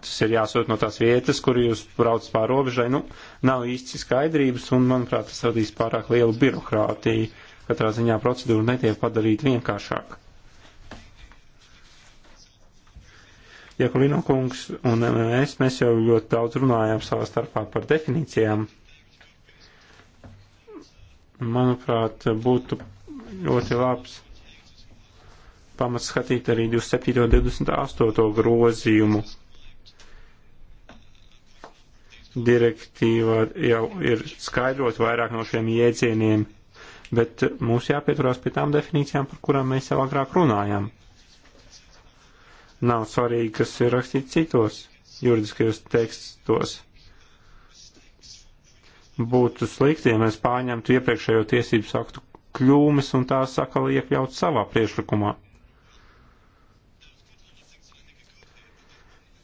tas ir jāsūt no tās vietas, kur jūs brauc pār robežai. Nu, nav īsti skaidrības, un, manuprāt, tas radīs pārāk lielu birokrātiju. Katrā ziņā procedūra netiek padarīta vienkāršāka. Jekulino ja kungs un es, mēs jau ļoti daudz runājām savā starpā par definīcijām. Manuprāt, būtu ļoti labs pamats skatīt arī 27. un 28. grozījumu direktīvā jau ir skaidrot vairāk no šiem jēdzieniem, bet mums jāpieturās pie tām definīcijām, par kurām mēs jau agrāk runājām. Nav svarīgi, kas ir rakstīts citos juridiskajos tekstos. Būtu slikti, ja mēs pārņemtu iepriekšējo tiesību aktu kļūmes un tās atkal iekļaut savā priešlikumā.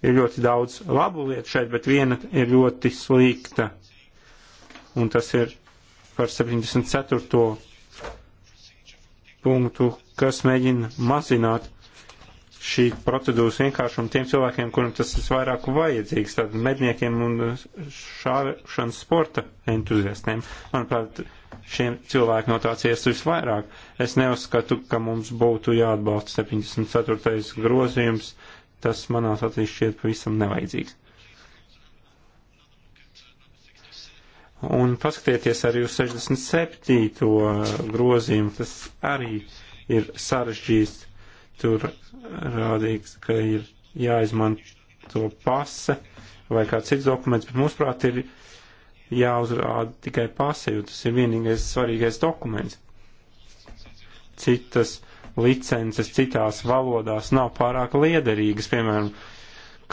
ir ļoti daudz labu lietu šeit, bet viena ir ļoti slikta. Un tas ir par 74. punktu, kas mēģina mazināt šī procedūras vienkāršumu tiem cilvēkiem, kuriem tas ir vairāk vajadzīgs, tātad medniekiem un šāšanas sporta entuziastiem. Manuprāt, šiem cilvēkiem no tā ciest visvairāk. Es neuzskatu, ka mums būtu jāatbalsta 74. grozījums, tas manās acīs šķiet pavisam nevajadzīgs. Un paskatieties arī uz 67. grozījumu, tas arī ir sarežģīts. Tur rādīts, ka ir jāizmanto pase vai kāds cits dokuments, bet mūsuprāt ir jāuzrāda tikai pase, jo tas ir vienīgais svarīgais dokuments. Citas licences citās valodās nav pārāk liederīgas, piemēram,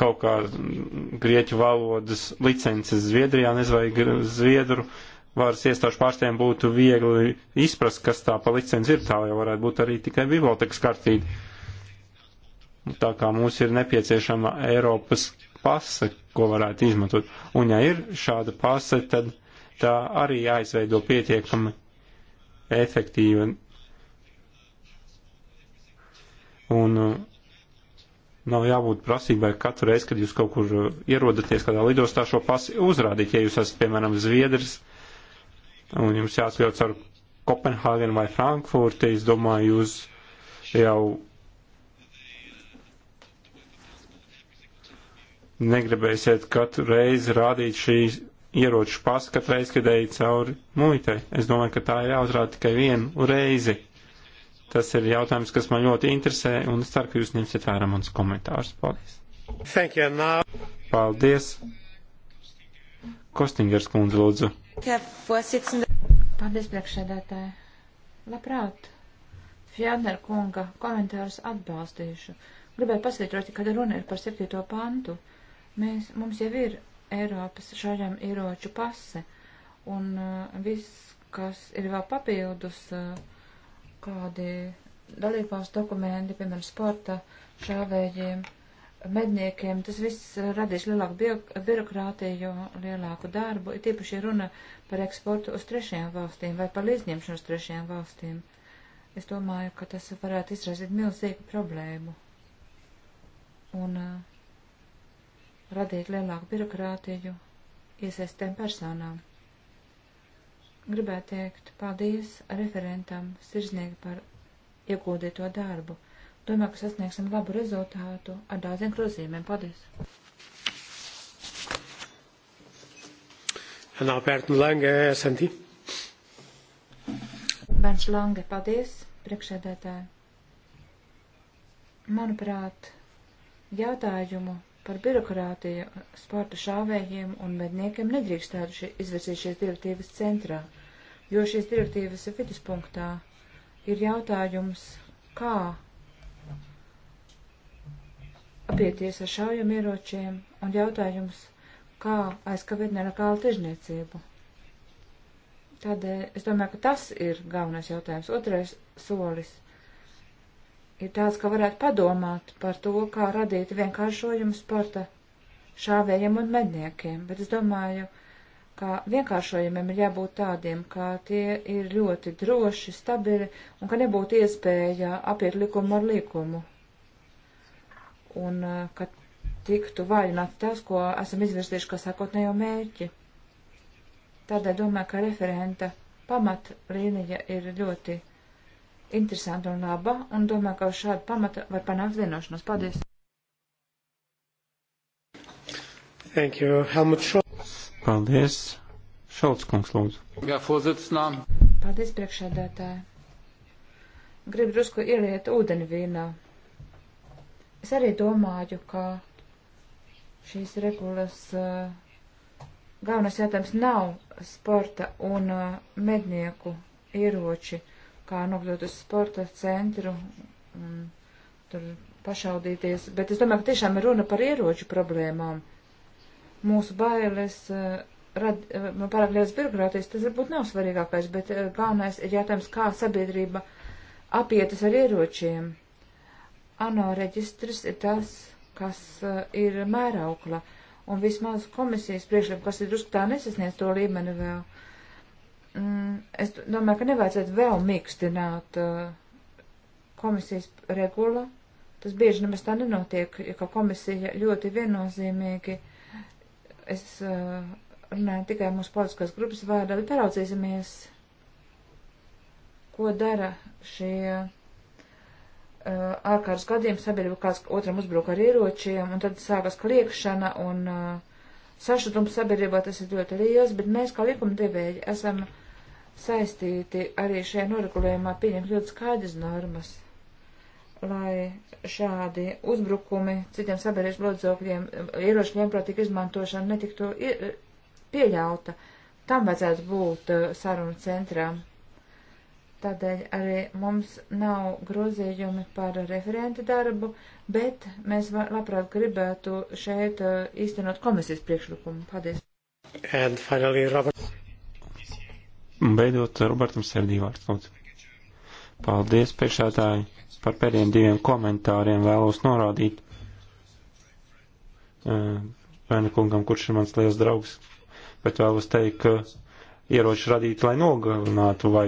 kaut kā grieķu valodas licences Zviedrijā, nezvai Zviedru varas iestāžu pārstāvjiem būtu viegli izprast, kas tā pa licenci ir, tā jau varētu būt arī tikai bibliotekas kartīte. Tā kā mums ir nepieciešama Eiropas pase, ko varētu izmantot. Un ja ir šāda pase, tad tā arī jāizveido pietiekami efektīva Un uh, nav jābūt prasībai katru reizi, kad jūs kaut kur uh, ierodaties kādā lidostā šo pasi uzrādīt, ja jūs esat, piemēram, Zviedrs, un jums jāatļauts ar Kopenhāgenu vai Frankfurti, es domāju, jūs jau negribēsiet katru reizi rādīt šīs ieroču pasi, katru reizi, kad ejat cauri muitai. Es domāju, ka tā ir jāuzrāda tikai vienu reizi. Tas ir jautājums, kas man ļoti interesē, un es ceru, ka jūs ņemsiet vērā mans komentārus. Paldies! Thank you, now. Paldies! Kostingers kundze, lūdzu. Paldies, priekšsēdētāji. Labprāt! Fjādner kunga komentārus atbalstīšu. Gribēju pasvītrot, kad runa ir par 7. pantu. Mēs, mums jau ir Eiropas šaļam ieroču pase, un uh, viss, kas ir vēl papildus. Uh, kādi dalībās dokumenti, piemēram, sporta šāvējiem, medniekiem, tas viss radīs lielāku birokrātiju, lielāku darbu, ir tīpaši runa par eksportu uz trešajām valstīm vai par izņemšanu uz trešajām valstīm. Es domāju, ka tas varētu izraisīt milzīgu problēmu un uh, radīt lielāku birokrātiju iesaistēm personām. Gribētu teikt paldies referentam Sirznieki par ieguldīto darbu. Domāju, ka sasniegsim labu rezultātu ar daudziem grozījumiem. Paldies! Bērns Lange, paldies, priekšēdētāji. Manuprāt, jautājumu par birokrātiju sporta šāvējiem un medniekiem nedrīkstētu izvirsīšies direktīvas centrā jo šīs direktīvas viduspunktā ir jautājums, kā apieties ar šaujamieročiem un jautājums, kā aizkavēt nelegālu tirzniecību. Tādēļ es domāju, ka tas ir galvenais jautājums. Otrais solis ir tāds, ka varētu padomāt par to, kā radīt vienkāršojumu sporta šāvējiem un medniekiem, bet es domāju, ka ka vienkāršojumiem ir jābūt tādiem, ka tie ir ļoti droši, stabili un ka nebūtu iespēja apiet likumu ar likumu. Un eh, ka tiktu vaināts tas, ko esam izvirzījuši kā sākotnējo mērķi. Tādēļ domāju, ka referenta pamatlīnija ir ļoti interesanta un laba, un domāju, ka uz šādu pamatu var panākt vienošanos. Paldies! Thank you, Helmut Schultz. Paldies. Šalts kungs, lūdzu. Jā, pozicinām. Paldies, priekšēdētāji. Gribu drusku ieliet ūdeni vīnā. Es arī domāju, ka šīs regulas uh, galvenais jautājums nav sporta un uh, mednieku ieroči, kā nokļūt uz sporta centru un tur pašaudīties, bet es domāju, ka tiešām ir runa par ieroču problēmām. Uh, mūsu bailes eh, rad, eh, pārāk liels birokrātijas, tas varbūt nav svarīgākais, bet eh, galvenais ir jautājums, kā sabiedrība apietas ar ieročiem. ANO reģistrs ir tas, kas ir mēraukla, un vismaz komisijas priekšlikuma, kas ir drusku tā nesasniedz to līmeni vēl. Mm, es domāju, ka nevajadzētu vēl mīkstināt komisijas regula. Tas bieži nemaz tā nenotiek, ka komisija ļoti viennozīmīgi uh, es eh, runāju tikai mūsu politiskās grupas vārdā, bet paraudzīsimies, ko dara šie eh, ārkārtas gadījumi, sabiedrība kāds otram uzbruk ar ieročiem, un tad sākas kliekšana un uh, sašutums sabiedrībā, tas ir ļoti liels, bet mēs kā likumdevēji esam saistīti arī šajā noregulējumā pieņemt ļoti skaidras normas lai šādi uzbrukumi citiem sabiedrības lodzokļiem, ieroču ļaunprātīga izmantošana netiktu e, pieļauta. Tam vajadzētu būt e, sarunu centrā. Tādēļ arī mums nav grozījumi par referenta darbu, bet mēs labprāt gribētu šeit e, īstenot komisijas priekšlikumu. Paldies! And finally, Robert. Beidzot, Robertam Serdī vārds lūdzu. Paldies, priekšētāji, par pēdējiem diviem komentāriem vēlos norādīt. Vēna eh, kungam, kurš ir mans liels draugs, bet vēlos teikt, ka ieroči radīti, lai nogalinātu vai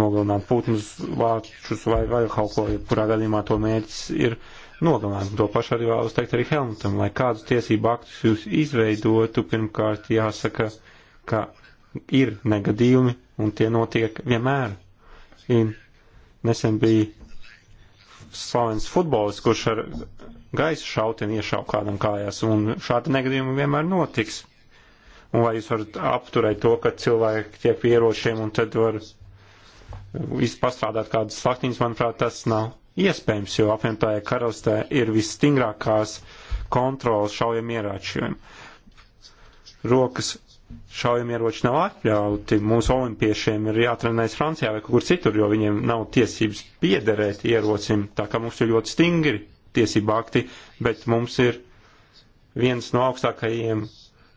nogalināt putnus, vāčus vai vēl kaut ko, kurā gadījumā to mērķis ir nogalināt. To pašu arī vēlos teikt arī Helmutam, lai kādus tiesību aktus jūs izveidotu, pirmkārt jāsaka, ka ir negadījumi un tie notiek vienmēr. Un Nesen bija slavens futbolis, kurš ar gaisa šautienu iešauka kādam kājās, un šādi negadījumi vienmēr notiks. Un vai jūs varat apturēt to, ka cilvēki tiek pie ieročiem un tad var izpastrādāt kādas slaktiņas, manuprāt, tas nav iespējams, jo apvienotāja karalistē ir visstingrākās kontrolas šaujam ieročiem. Rokas šaujamieroči nav atļauti. Mūsu olimpiešiem ir jātrenējas Francijā vai kur citur, jo viņiem nav tiesības piederēt ierocim. Tā kā mums ir ļoti stingri tiesība akti, bet mums ir viens no augstākajiem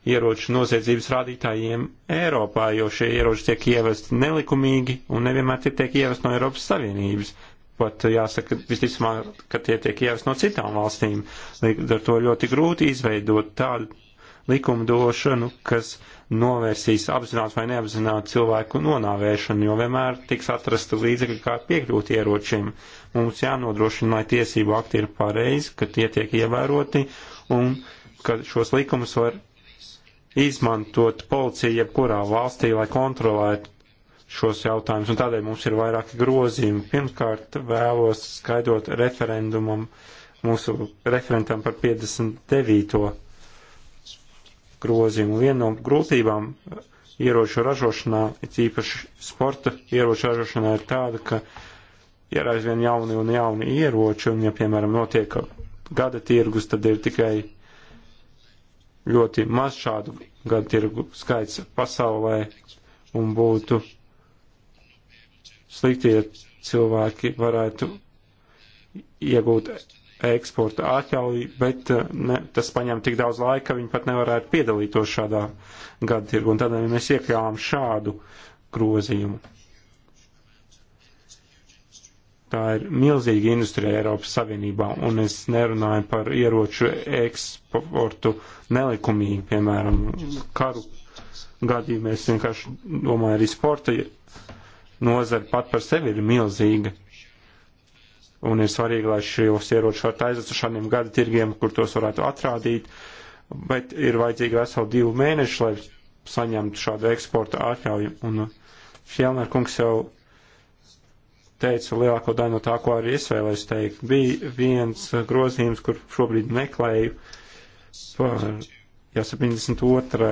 ieroču noziedzības rādītājiem Eiropā, jo šie ieroči tiek ievesti nelikumīgi un nevienmēr tie tiek ievesti no Eiropas Savienības. Pat jāsaka, visticamāk, ka tie tiek ievesti no citām valstīm. Līdz ar to ļoti grūti izveidot tādu likumdošanu, kas novērsīs apzināti vai neapzināti cilvēku nonāvēšanu, jo vienmēr tiks atrasta līdzekļi, kā piekļūt ieročiem. Mums jānodrošina, lai tiesību akti ir pareizi, ka tie tiek ievēroti un ka šos likumus var izmantot policija jebkurā valstī, lai kontrolētu šos jautājumus, un tādēļ mums ir vairāki grozījumi. Pirmkārt, vēlos skaidrot referendumam, mūsu referentam par 59 grozījumu. Viena no grūtībām ieroču ražošanā, it īpaši sporta ieroču ražošanā, ir tāda, ka ir aizvien jauni un jauni ieroči, un ja, piemēram, notiek gada tirgus, tad ir tikai ļoti maz šādu gada tirgu skaits pasaulē, un būtu slikti, ja cilvēki varētu iegūt eksporta atļauju, bet eh, ne, tas paņem tik daudz laika, ka viņi pat nevarētu piedalīties šādā gada tirgu, un tādēļ mēs iekļāvām šādu grozījumu. Tā ir milzīga industrija Eiropas Savienībā, un es nerunāju par ieroču eksportu nelikumīgi, piemēram, karu gadījumā. Es vienkārši domāju, arī sporta nozara pat par sevi ir milzīga Un ir svarīgi, lai šos ieročus varētu aizvest uz šādiem gada tirgiem, kur tos varētu atrādīt, bet ir vajadzīgi veseli divi mēneši, lai saņemtu šādu eksporta atļauju. Un uh, Fjellner kungs jau teica lielāko daļu no tā, ko arī es vēlēs teikt. Bija viens uh, grozījums, kur šobrīd meklēju par jau 72.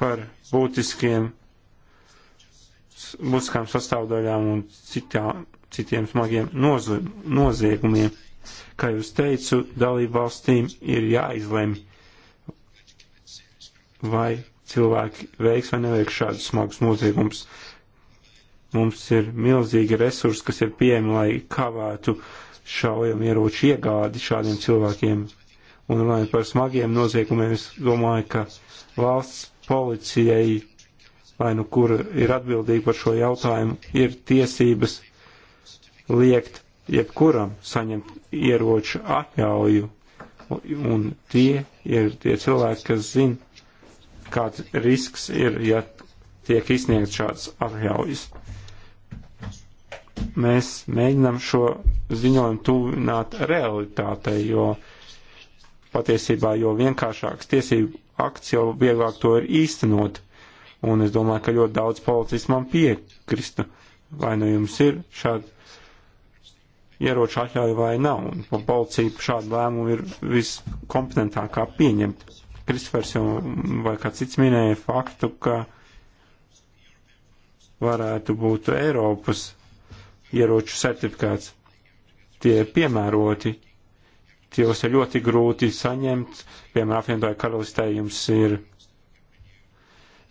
par būtiskiem būtiskām sastāvdaļām un citā, citiem smagiem noz, noziegumiem. Kā jūs teicu, dalību valstīm ir jāizlemj, vai cilvēki veiks vai neveiks šādus smagus noziegumus. Mums ir milzīgi resursi, kas ir pieejami, lai kavētu šaujam ieroču iegādi šādiem cilvēkiem. Un runājot par smagiem noziegumiem, es domāju, ka valsts policijai vai nu kur ir atbildīgi par šo jautājumu, ir tiesības liekt jebkuram saņemt ieroču atļauju, un tie ir tie cilvēki, kas zina, kāds risks ir, ja tiek izsniegts šāds atļaujas. Mēs mēģinam šo ziņojumu tuvināt realitātei, jo patiesībā jo vienkāršāks tiesību akts, jo vieglāk to ir īstenot. Un es domāju, ka ļoti daudz policists man piekristu, vai nu jums ir šāda ieroča atļauja vai nav. Un pa policiju šādu lēmumu ir viskompetentākā pieņemt. Kristofers jau vai kāds cits minēja faktu, ka varētu būt Eiropas ieroču certifikāts. Tie piemēroti, tie jūs ir ļoti grūti saņemt. Piemēram, apvienotāju karalistē jums ir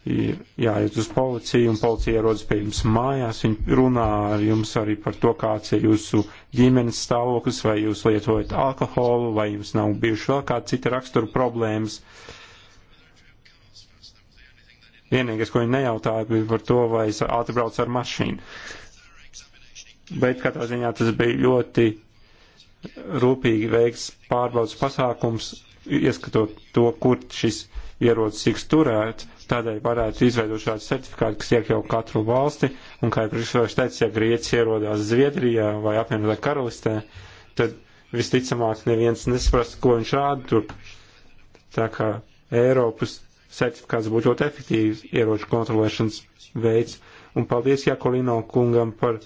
jāiet uz policiju, un policija ierodas pie jums mājās, viņi runā ar jums arī par to, kāds ir jūsu ģimenes stāvoklis, vai jūs lietojat alkoholu, vai jums nav bijuši vēl kāda cita rakstura problēmas. Vienīgais, ko viņi nejautāja, bija par to, vai es ātri braucu ar mašīnu. Bet katrā ziņā tas bija ļoti rūpīgi veikts pārbaudas pasākums, ieskatot to, kur šis ierodas tiks turēts Tādēļ varētu izveidot šādu certifikātu, kas iekļauj katru valsti, un, kā jau priekšvērs teica, ja Grieķija ierodās Zviedrijā vai apvienotā karalistē, tad visticamāk neviens nesaprast, ko viņš rāda tur. Tā kā Eiropas certifikāts būtu ļoti efektīvs ieroču kontrolēšanas veids. Un paldies Jakolino kungam par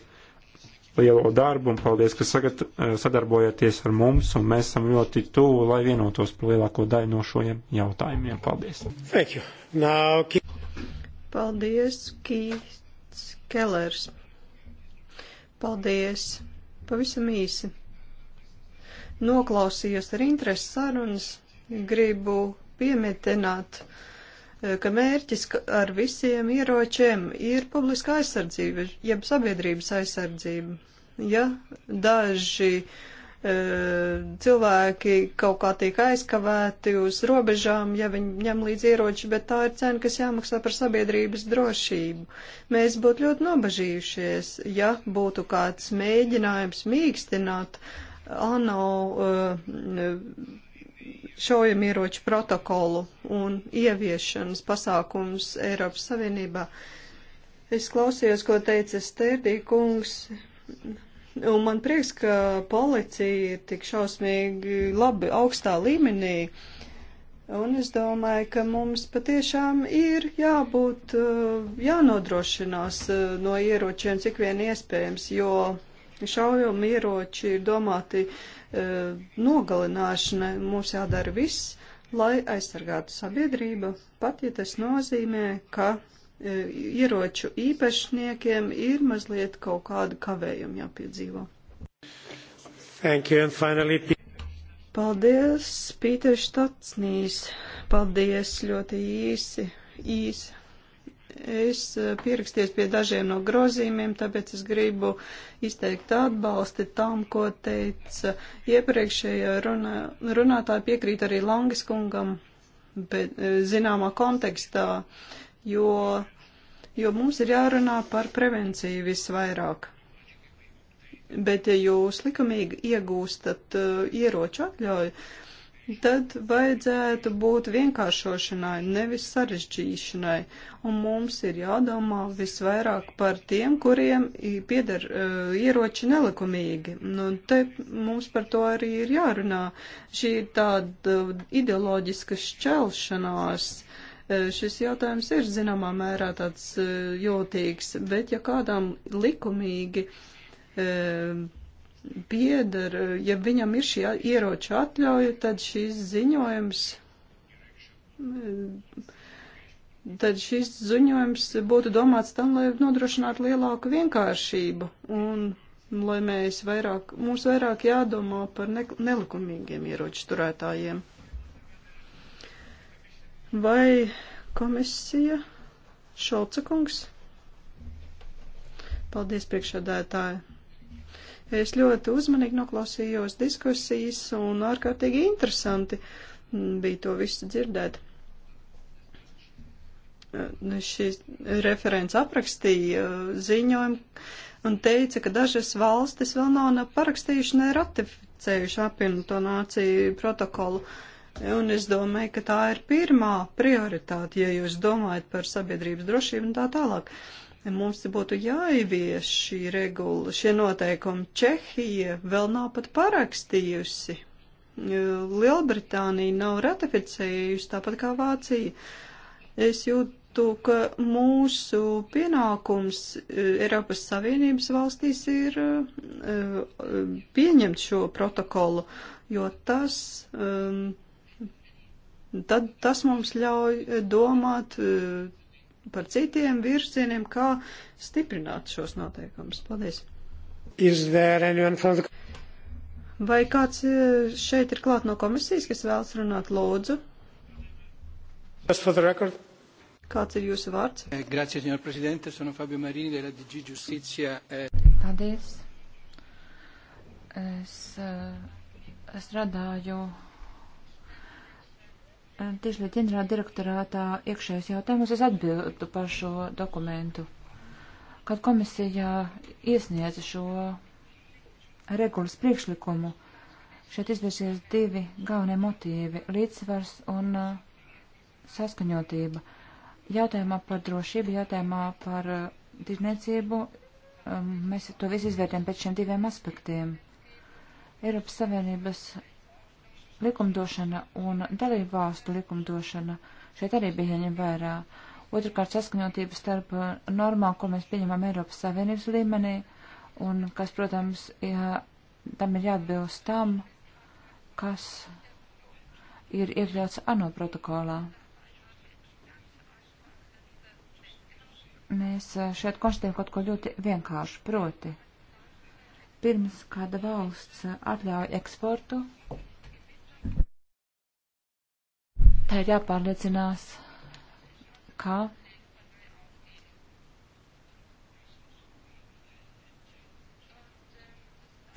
lielo darbu un paldies, ka sagat, eh, sadarbojaties ar mums un mēs esam ļoti tuvu, lai vienotos par lielāko daļu no šiem jautājumiem. Paldies! Thank you! Now, keep... Paldies, Kīts Kellers! Paldies! Pavisam īsi! Noklausījos ar interesi sarunas, gribu piemetināt, uh, Eh, ka mērķis ar visiem ieročiem ir publiska aizsardzība, jeb sabiedrības aizsardzība. Ja daži e, cilvēki kaut kā tiek aizkavēti uz robežām, ja viņi ņem līdz ieroči, bet tā ir cena, kas jāmaksā par sabiedrības drošību. Mēs būtu ļoti nobažījušies, ja būtu kāds mēģinājums mīkstināt ANO. E, šaujamieroču protokolu un ieviešanas pasākums Eiropas Savienībā. Es klausījos, ko teica Stērdī kungs, un man prieks, ka policija ir tik šausmīgi labi augstā līmenī. Un es domāju, ka mums patiešām ir jābūt, uh, jānodrošinās uh, no ieročiem cik vien iespējams, jo šaujumi ieroči ir domāti uh, E, nogalināšana. Mums jādara viss, lai aizsargātu sabiedrību, pat ja tas nozīmē, ka e, ieroču īpašniekiem ir mazliet kaut kādu kavējumu jāpiedzīvo. Thank you, and finally... Paldies, Pīters Štatsnīs. Paldies ļoti īsi, īsi Es eh, pieraksties pie dažiem no grozījumiem, tāpēc es gribu izteikt atbalsti tam, ko teica iepriekšējā runā, runātāja piekrīt arī Langas kungam, bet eh, zināmā kontekstā, jo, jo mums ir jārunā par prevenciju visvairāk. Bet ja jūs likumīgi iegūstat uh, ieroču atļauju, uh, tad vajadzētu būt vienkāršošanai, nevis sarežģīšanai. Un mums ir jādomā visvairāk par tiem, kuriem pieder uh, ieroči nelikumīgi. Nu, te mums par to arī ir jārunā. Šī ir tāda ideoloģiska šķelšanās. Uh, šis jautājums ir zināmā mērā tāds uh, jūtīgs, bet ja kādam likumīgi uh, piedara, ja viņam ir šī ieroča atļauja, tad šis ziņojums, tad šis ziņojums būtu domāts tam, lai nodrošinātu lielāku vienkāršību un lai mēs vairāk, mums vairāk jādomā par ne, nelikumīgiem ieroču turētājiem. Vai komisija Šolcekungs? Paldies priekšādētāji. Es ļoti uzmanīgi noklausījos diskusijas un ārkārtīgi interesanti mm, bija to visu dzirdēt. Šis referents aprakstīja uh, ziņojumu un teica, ka dažas valstis vēl nav parakstījuši ne ratificējuši apvienoto nāciju protokolu. Un es domāju, ka tā ir pirmā prioritāte, ja jūs domājat par sabiedrības drošību un tā tālāk. Uh, Mums būtu jāievieš šī regula, šie noteikumi. Čehija vēl nav pat parakstījusi. Lielbritānija nav ratificējusi, tāpat kā Vācija. Es jūtu, ka mūsu pienākums e, Eiropas Savienības valstīs ir e, e, pieņemt šo protokolu, jo tas, tad, tas mums ļauj domāt par citiem virzieniem, kā stiprināt šos noteikumus. Paldies! Vai kāds e, šeit ir klāt no komisijas, kas vēlas runāt? Lūdzu. Kāds ir jūsu vārds? Eh, grazie, signor Presidente. Sono Fabio Marini della DG Giustizia. Eh. Paldies. Es eh, strādāju Eh, Tieslietu ģenerāla direktorātā iekšējos jautājumus es atbildu par šo dokumentu. Kad komisija iesniedza šo regulas priekšlikumu, šeit izvirsies divi galvenie motīvi - līdzsvars un uh, saskaņotība. Jautājumā par drošību, jautājumā par uh, eh, tirniecību um, mēs to visu izvērtējam pēc šiem diviem aspektiem. Eiropas Savienības likumdošana un dalību valstu likumdošana šeit arī bija jāņem vērā. Otrakārt, saskaņotība starp uh, normām, ko mēs pieņemam Eiropas Savienības līmenī, un kas, protams, jā, tam ir jāatbilst tam, kas ir iekļauts ANO protokolā. Mēs uh, šeit konstatējam kaut ko ļoti vienkāršu, proti, pirms kāda valsts atļauj eksportu, Tā ir jāpārliecinās, ka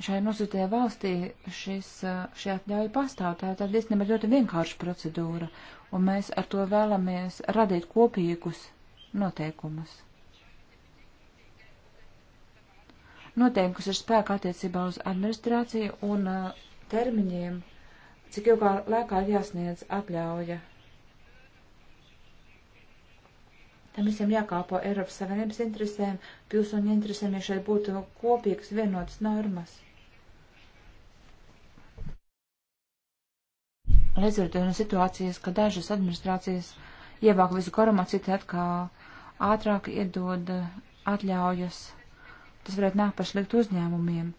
šai nosūtītajā valstī šis, uh, šī atļauja pastāv. Tā tad īstenībā ļoti vienkārša procedūra, un mēs ar to vēlamies radīt kopīgus noteikumus. Noteikums ir spēkā attiecībā uz administrāciju un uh, termiņiem, cik ilgā laikā ir jāsniedz atļauja. Tam visiem jākalpo Eiropas Savienības interesēm, pilsoņu interesēm, ja šeit būtu kopīgas vienotas normas. Rezultātā no situācijas, ka dažas administrācijas ievāk visu karumu, citi atkal ātrāk iedod atļaujas. Tas varētu nākt par sliktu uzņēmumiem,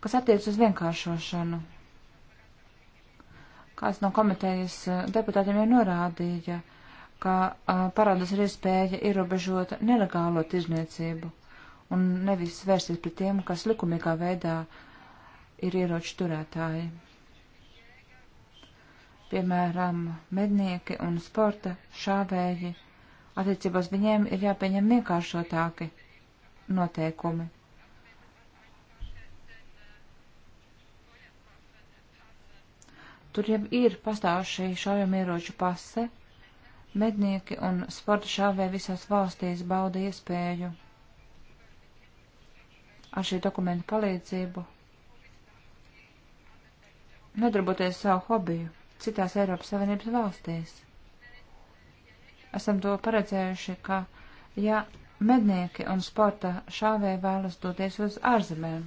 kas attiec uz vienkāršošanu. Kāds no komitejas eh, deputātiem jau norādīja, ka eh, parādās ir iespēja ierobežot nelegālo tirzniecību un nevis vērsties pret tiem, kas likumīgā veidā ir ieroču turētāji. Piemēram, mednieki un sporta šāvēji attiecībās viņiem ir jāpieņem vienkāršotāki noteikumi. Tur jau ir pastāv šī šaujamieroču pase. Mednieki un sporta šāvē visās valstīs bauda iespēju ar šī dokumentu palīdzību nodarboties savu hobiju citās Eiropas Savienības valstīs. Esam to paredzējuši, ka ja mednieki un sporta šāvē vēlas doties uz ārzemēm,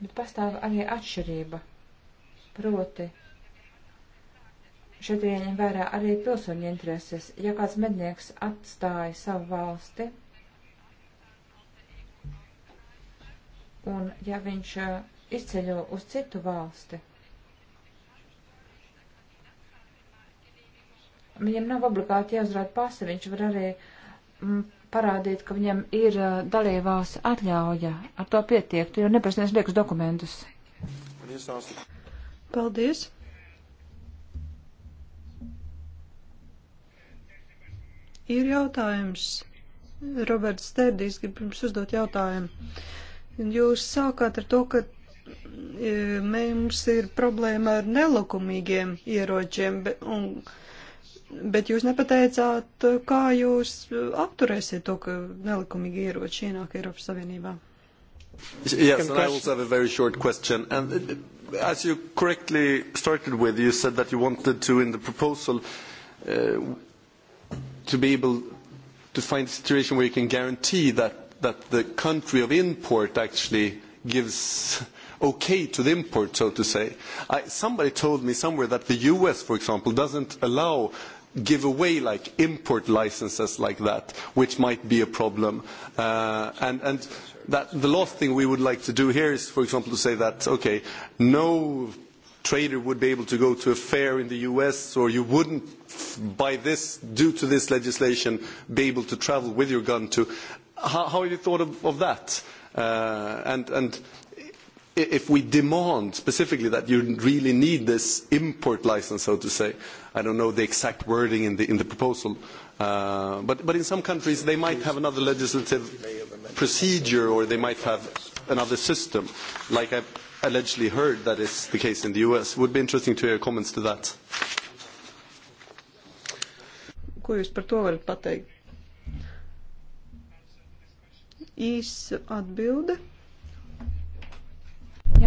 bet pastāv arī atšķirība Proti, šeit ir jāņem vērā arī pilsoņu intereses. Ja kāds mednieks atstāja savu valsti, un ja viņš uh, izceļo uz citu valsti, viņam nav obligāti jāuzrāda pasi, viņš var arī mm, parādīt, ka viņam ir uh, dalībās atļauja, ar to pietiek, tu jau neprasnies liekas dokumentus. Man iestāstīt. Paldies! Ir jautājums. Roberts Sterdīs grib jums uzdot jautājumu. Jūs sākāt ar to, ka e, mums ir problēma ar nelikumīgiem ieročiem, bet, un, bet jūs nepateicāt, kā jūs apturēsiet to, ka nelikumīgi ieroči ienāk Eiropas Savienībā. Yes, and I also have a very short question. And uh, as you correctly started with, you said that you wanted to, in the proposal, uh, to be able to find a situation where you can guarantee that, that the country of import actually gives okay to the import, so to say. I, somebody told me somewhere that the US, for example, doesn't allow give away like import licenses like that, which might be a problem. Uh, and, and that the last thing we would like to do here is, for example, to say that, okay, no trader would be able to go to a fair in the US or you wouldn't, by this, due to this legislation, be able to travel with your gun to. How, how have you thought of, of that? Uh, and, and if we demand specifically that you really need this import license, so to say, I don't know the exact wording in the, in the proposal, uh, but, but in some countries they might have another legislative procedure or they might have another system, like I've allegedly heard that is the case in the US. It would be interesting to hear comments to that. Ko jūs par to varat pateikt? Īsa atbilde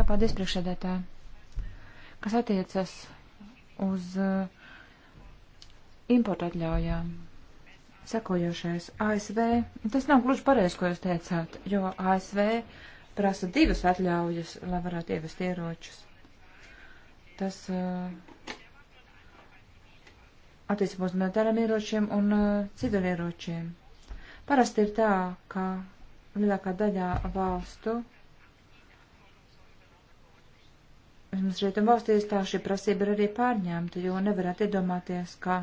paldies priekšsēdētā. Kas attiecas uz eh, importu atļaujām? Sekojošais ASV, tas nav gluži pareizi, ko jūs teicāt, jo ASV prasa divas atļaujas, lai varētu ievest ieročus. Tas uh, eh, attiecībā uz militāriem ieročiem un uh, eh, civilieročiem. Parasti ir tā, ka lielākā daļā valstu uh, Mums šeit un valstīs tā šī prasība ir arī pārņemta, jo nevarētu iedomāties, ka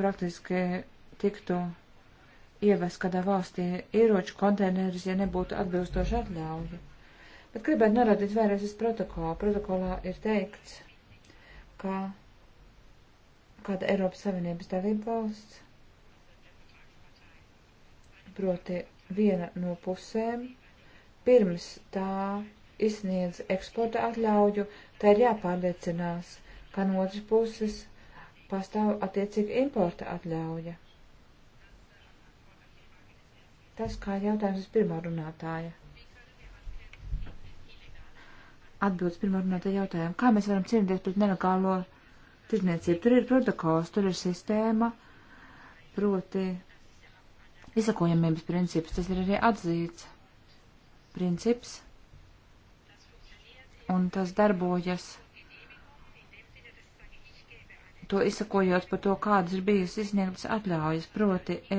praktiski tiktu ievest kādā valstī ieroču konteineris, ja nebūtu atbilstoši atļauja. Bet gribētu norādīt vēlreiz uz protokolu. Protokolā ir teikts, ka kāda Eiropas Savienības dalība valsts, proti viena no pusēm, pirms tā izsniedz eksporta atļauju, tā ir jāpārliecinās, ka no otras puses pastāv attiecīgi importa atļauja. Tas kā jautājums uz pirmā runātāja. Atbildes pirmā runātāja jautājumu. Kā mēs varam cīnīties pret nelegālo tirdzniecību? Tur ir protokols, tur ir sistēma, proti izsakojamības princips, tas ir arī atzīts princips un tas darbojas. To izsakojot par to, kādas ir bijusi izsniegtas atļaujas, proti e,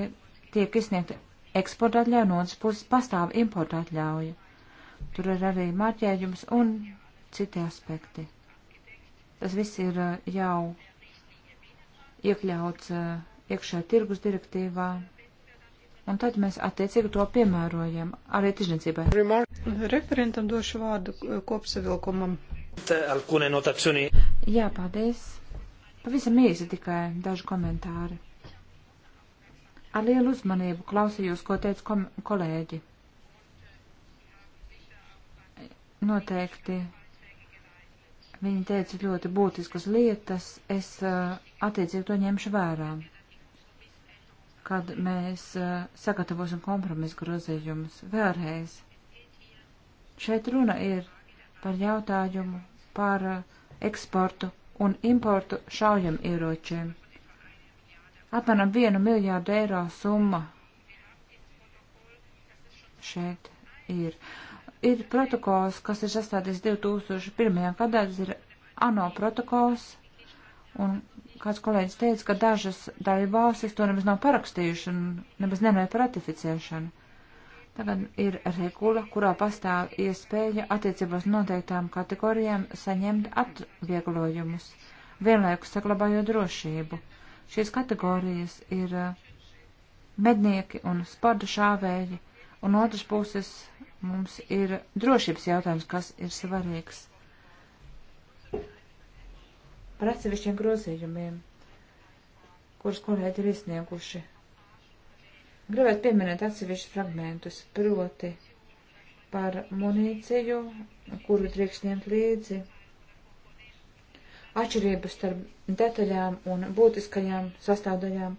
tiek izsniegta eksporta atļauja, no otras puses pastāv importa atļauja. Tur ir arī marķējums un citi aspekti. Tas viss ir e, jau iekļauts e, iekšē tirgus direktīvā, un tad mēs attiecīgi to piemērojam arī tirzniecībai. Referentam došu vārdu kopsavilkumam. Jā, paldies. Pavisam īsi tikai daži komentāri. Ar lielu uzmanību klausījos, ko teica kolēģi. Noteikti viņi teica ļoti būtiskas lietas, es uh, attiecīgi to ņemšu vērā kad mēs eh, sagatavosim kompromisu grozījumus. Vēlreiz, šeit runa ir par jautājumu par eh, eksportu un importu šaujam ieročiem. Apmēram vienu miljārdu eiro summa šeit ir. Ir protokols, kas ir sastādīts 2001. gadā, tas ir ANO protokols, un kāds kolēģis teica, ka dažas dalībvalstis to nemaz nav parakstījuši un nemaz nemēr par ratificēšanu. Tagad ir regula, kurā pastāv iespēja attiecībās noteiktām kategorijām saņemt atvieglojumus, vienlaikus saglabājot drošību. Šīs kategorijas ir eh, mednieki un sporta šāvēji, un otrs puses mums ir drošības jautājums, kas ir svarīgs par atsevišķiem grozījumiem, kurus kolēģi ir izsnieguši. Gribētu pieminēt atsevišķus fragmentus, proti par munīciju, kuru drīkst ņemt līdzi, atšķirības starp detaļām un būtiskajām sastāvdaļām.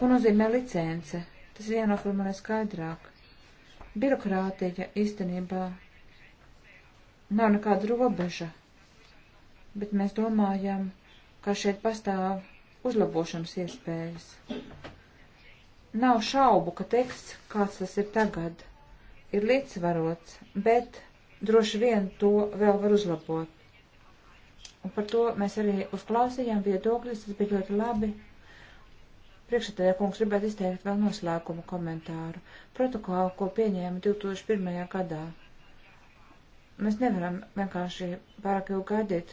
Ko nozīmē licence? Tas ir jānoformulē skaidrāk. Birokrātija īstenībā nav nekāda robeža, bet mēs domājam, ka šeit pastāv uzlabošanas iespējas. Nav šaubu, ka teksts, kāds tas ir tagad, ir līdzsvarots, bet droši vien to vēl var uzlabot. Un par to mēs arī uzklausījām viedokļus, tas bija ļoti labi. Priekšsēdētāja kungs gribētu izteikt vēl noslēgumu komentāru. Protokolu, ko pieņēma 2001. gadā. Mēs nevaram vienkārši pārāk ilgi gaidīt,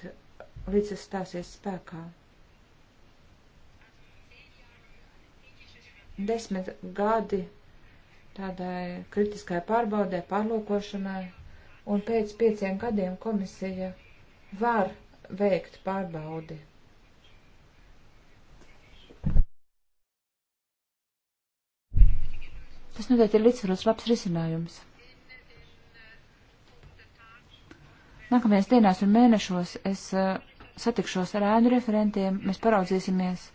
līdz tas stāsies spēkā. Desmit gadi tādai kritiskai pārbaudē, pārlūkošanai, un pēc pieciem gadiem komisija var veikt pārbaudi. Tas noteikti ir līdzsvaros labs risinājums. Nākamajās dienās un mēnešos es uh, satikšos ar ēnu referentiem, mēs paraudzīsimies,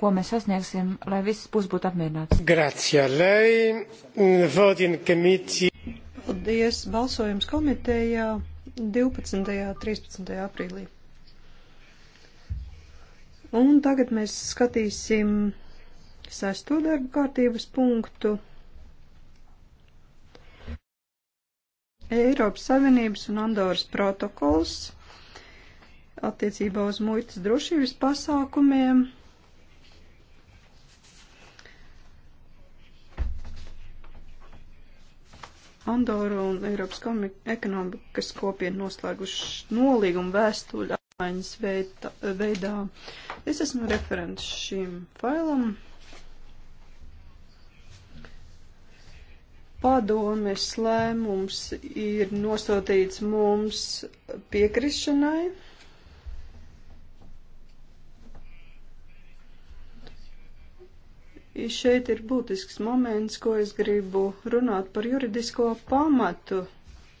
ko mēs sasniegsim, lai visas puses būtu apmierināts. Grazie, lai votin komitī. Paldies, balsojums komitejā 12. un 13. aprīlī. Un tagad mēs skatīsim sesto darbu kārtības punktu. Eiropas Savienības un Andoras protokols attiecībā uz muitas drošības pasākumiem. Andoru un Eiropas ekonomikas kopienu noslēguši nolīgumu vēstuļu apmaiņas veidā. Es esmu referents šīm failam. Padomes lēmums ir nosūtīts mums piekrišanai. Šeit ir būtisks moments, ko es gribu runāt par juridisko pamatu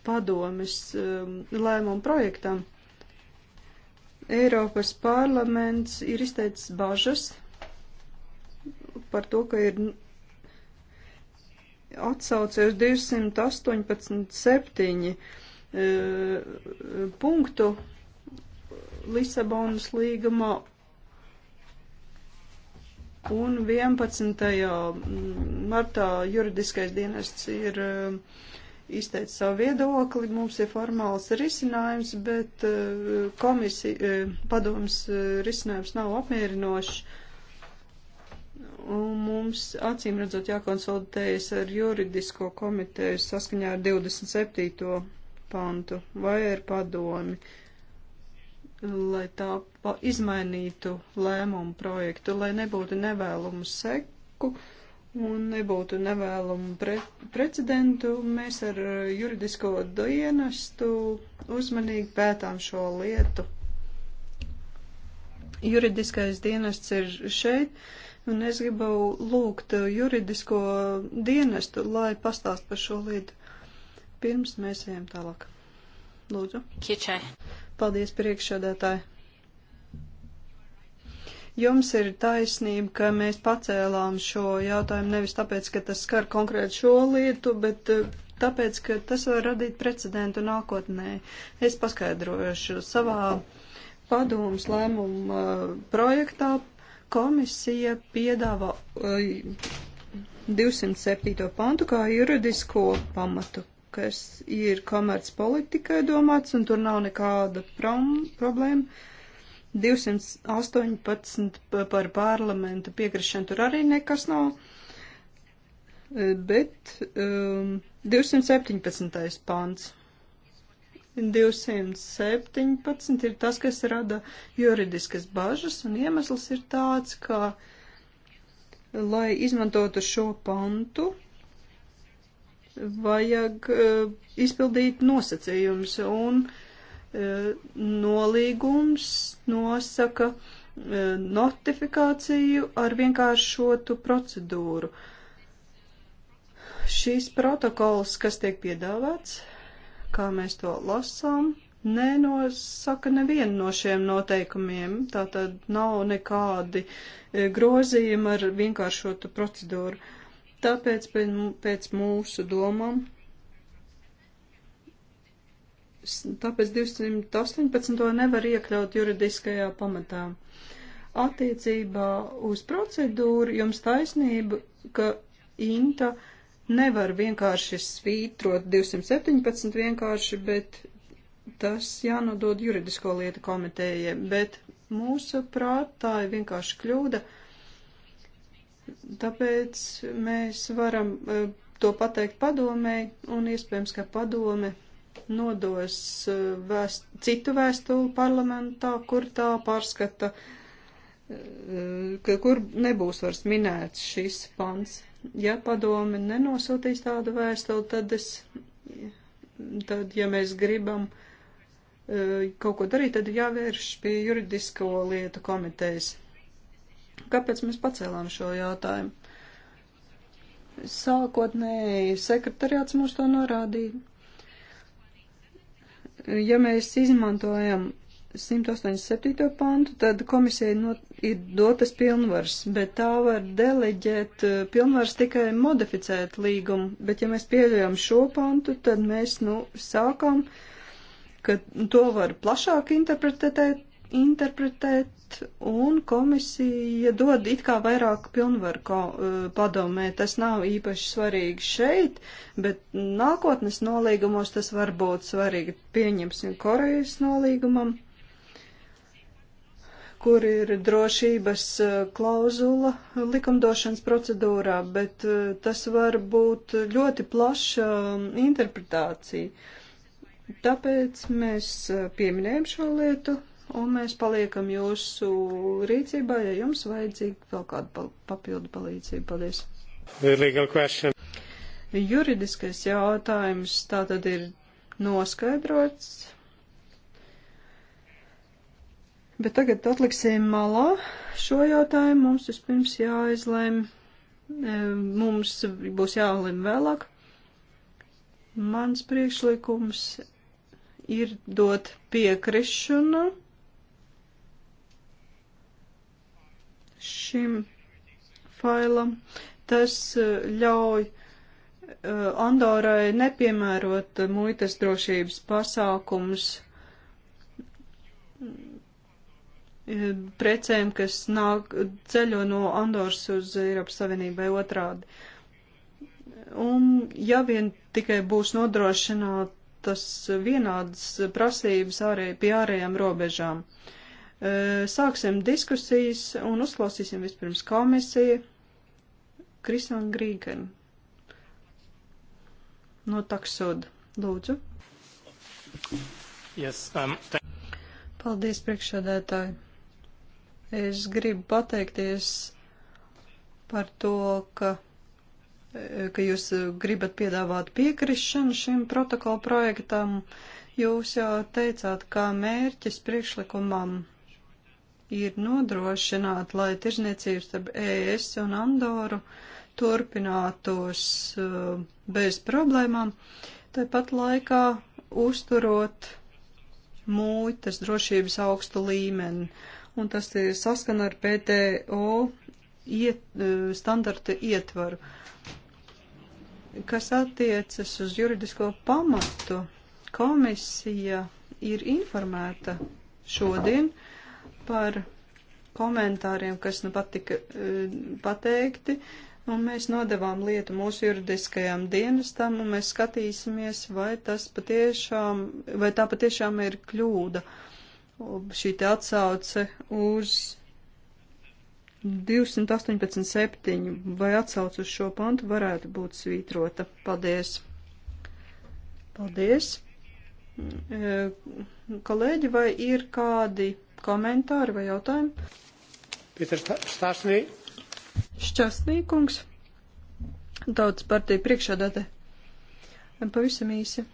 padomes um, lēmumu projektam. Eiropas parlaments ir izteicis bažas par to, ka ir atsauce uz 218.7 e, punktu Lisabonas līgumā un 11. martā juridiskais dienests ir e, izteicis savu viedokli, mums ir formāls risinājums, bet e, komisija, padoms risinājums nav apmierinošs mums acīm redzot jākonsultējas ar juridisko komiteju saskaņā ar 27. pantu vai ar padomi, lai tā izmainītu lēmumu projektu, lai nebūtu nevēlumu seku un nebūtu nevēlumu pre precedentu. Mēs ar juridisko dienestu uzmanīgi pētām šo lietu. Juridiskais dienests ir šeit Un es gribu lūgt juridisko dienestu, lai pastāst par šo lietu. Pirms mēs ejam tālāk. Lūdzu. Kičai. Paldies priekšsēdētāji. Jums ir taisnība, ka mēs pacēlām šo jautājumu nevis tāpēc, ka tas skar konkrēti šo lietu, bet eh, tāpēc, ka tas var radīt precedentu nākotnē. Es paskaidrošu savā padomus lēmumu eh, projektā Komisija piedāvā 207. pantu kā juridisko pamatu, kas ir komerc politikai domāts, un tur nav nekāda prom, problēma. 218 par parlamenta piekrišanu tur arī nekas nav, e, bet um, 217. pants 217 ir tas, kas rada juridiskas bažas, un iemesls ir tāds, ka, lai izmantotu šo pantu, vajag uh, izpildīt nosacījumus, un uh, nolīgums nosaka uh, notifikāciju ar vienkāršotu procedūru. Šīs protokols, kas tiek piedāvāts, kā mēs to lasām, nenosaka nevienu no šiem noteikumiem. Tā tad nav nekādi e, grozījumi ar vienkāršotu procedūru. Tāpēc pēc mūsu domām, tāpēc 218. nevar iekļaut juridiskajā pamatā. Attiecībā uz procedūru jums taisnība, ka Inta uh, nevar vienkārši svītrot 217 vienkārši, bet tas jānodod juridisko lietu komitējai. Bet mūsu prātā ir vienkārši kļūda, tāpēc mēs varam e, to pateikt padomēji un iespējams, ka padome nodos e, vēst, citu vēstuli parlamentā, kur tā pārskata, e, ka, kur nebūs vairs minēts šis pants ja padomi nenosūtīs tādu vēstuli, tad es, tad, ja mēs gribam e, kaut ko darīt, tad jāvērš pie juridisko lietu komitejas. Kāpēc mēs pacēlām šo jautājumu? Sākotnēji sekretariāts mums to norādīja. Ja mēs izmantojam 187. pantu, tad komisija no, ir dotas pilnvars, bet tā var deleģēt eh, pilnvars tikai modificēt līgumu. Bet ja mēs pieļaujam šo pantu, tad mēs nu sākam, ka to var plašāk interpretēt, interpretēt un komisija dod it kā vairāk pilnvaru eh, padomē. Tas nav īpaši svarīgi šeit, bet nākotnes nolīgumos tas var būt svarīgi. Pieņemsim Korejas nolīgumam kur ir drošības eh, klauzula likumdošanas procedūrā, bet eh, tas var būt ļoti plaša mm, interpretācija. Tāpēc mēs eh, pieminējam šo lietu un mēs paliekam jūsu rīcībā, ja jums vajadzīga vēl kāda papildu palīdzība. Paldies. Juridiskais jautājums tātad ir noskaidrots Bet tagad atliksim malā šo jautājumu. Mums vispirms jāizlēm, e, mums būs jālem vēlāk. Mans priekšlikums ir dot piekrišanu šim failam. Tas e, ļauj e, Andorai nepiemērot muitas drošības pasākums E, precēm, kas nāk ceļo no Andors uz Eiropas Savienību vai otrādi. Un ja vien tikai būs nodrošinātas vienādas prasības ārē, pie ārējām robežām. E, sāksim diskusijas un uzklausīsim vispirms komisiju Krisan Grīgen no Taksod. Lūdzu. Yes, um, Paldies, priekšsēdētāji. Es gribu pateikties par to, ka, ka jūs gribat piedāvāt piekrišanu šim protokola projektam. Jūs jau teicāt, kā mērķis priekšlikumam ir nodrošināt, lai tirzniecības starp ES un Andoru turpinātos uh, bez problēmām, tāpat laikā uzturot mūjtas drošības augstu līmeni un tas ir saskana ar PTO iet, e, standarta ietvaru. Kas attiecas uz juridisko pamatu, komisija ir informēta šodien par komentāriem, kas nu patika e, pateikti, un mēs nodevām lietu mūsu juridiskajam dienestam, un mēs skatīsimies, vai tas patiešām, vai tā patiešām ir kļūda. Uh, šī te atsauce uz 218.7 vai atsauce uz šo pantu varētu būt svītrota. Paldies! Paldies! E, kolēģi, vai ir kādi komentāri vai jautājumi? Pēters Stāsnī. Šķastnīkungs. Tautas partija priekšādāte. Pavisam īsi.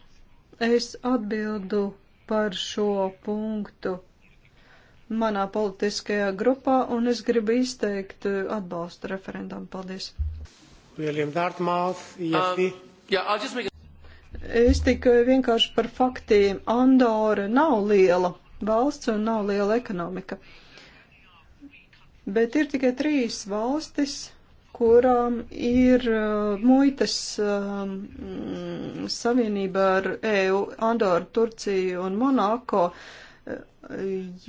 Es atbildu par šo punktu manā politiskajā grupā, un es gribu izteikt eh, atbalstu referendumu. Paldies! William Dartmouth, EFD. Um, yeah, I'll just make a... Es tikai vienkārši par faktiem. Andora nav liela valsts un nav liela ekonomika. Bet ir tikai trīs valstis, kurām ir uh, muitas uh, savienība ar EU, Andoru, Turciju un Monako. Uh,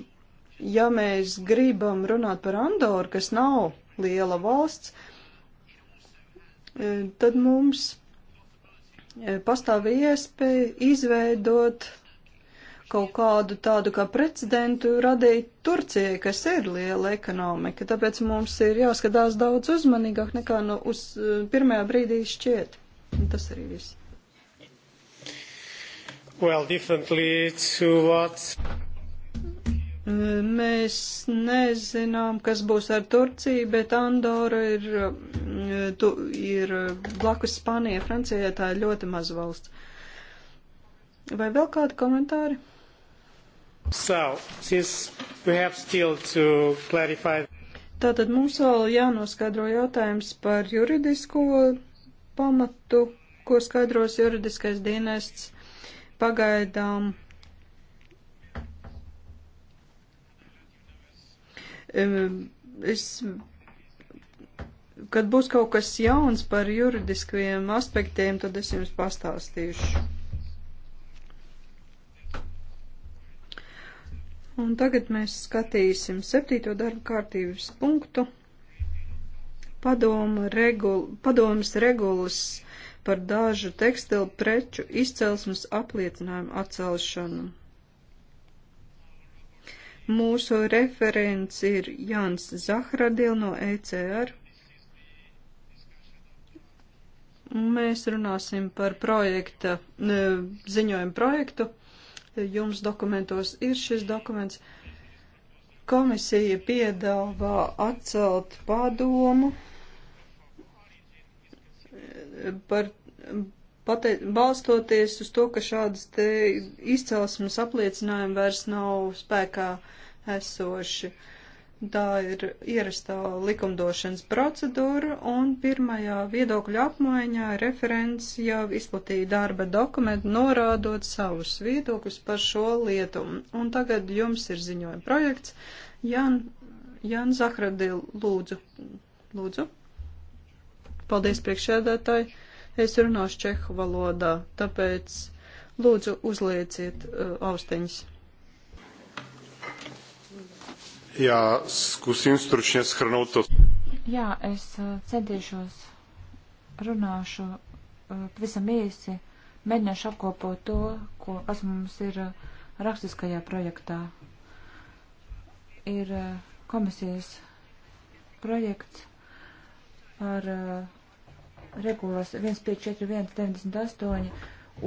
ja mēs gribam runāt par Andoru, kas nav liela valsts, uh, tad mums uh, pastāv iespēja izveidot kaut kādu tādu kā precedentu radīt Turcijai, kas ir liela ekonomika. Tāpēc mums ir jāskatās daudz uzmanīgāk nekā no nu uz eh, pirmajā brīdī šķiet. Un tas arī viss. Well, differently to what? Eh, mēs nezinām, kas būs ar Turciju, bet Andora ir, eh, tu, ir blakus Spānijai, Francijai tā ir ļoti maza valsts. Vai vēl kādi komentāri? So, since we have still to clarify. Tātad mums vēl jānoskaidro jautājums par juridisko pamatu, ko skaidros juridiskais dienests pagaidām. Es, kad būs kaut kas jauns par juridiskiem aspektiem, tad es jums pastāstīšu. Un tagad mēs skatīsim septīto darba kārtības punktu padomu regul, padomas regulas par dažu tekstilu preču izcelsmes apliecinājumu atcelšanu. Mūsu referents ir Jānis Zahradil no ECR. Mēs runāsim par projekta, ziņojumu projektu jums dokumentos ir šis dokuments. Komisija piedāvā atcelt padomu par, pate, balstoties uz to, ka šādas te izcelsmes apliecinājumi vairs nav spēkā esoši. Uh, Tā ir ierastā likumdošanas procedūra, un pirmajā viedokļa apmaiņā referents jau izplatīja darba dokumentu, norādot savus viedokļus par šo lietu. Un tagad jums ir ziņojuma projekts. Jan, Jan Zahradī, lūdzu. Lūdzu. Paldies priekšēdētāji. Es runāšu čehu valodā, tāpēc lūdzu uzlieciet uh, austiņas. Jā, skūsim stručņie skrnot to. Jā, es eh, centīšos, runāšu eh, pavisam īsi, mēģināšu apkopot to, ko, kas mums ir eh, rakstiskajā projektā. Ir komisijas projekts par regulas 154198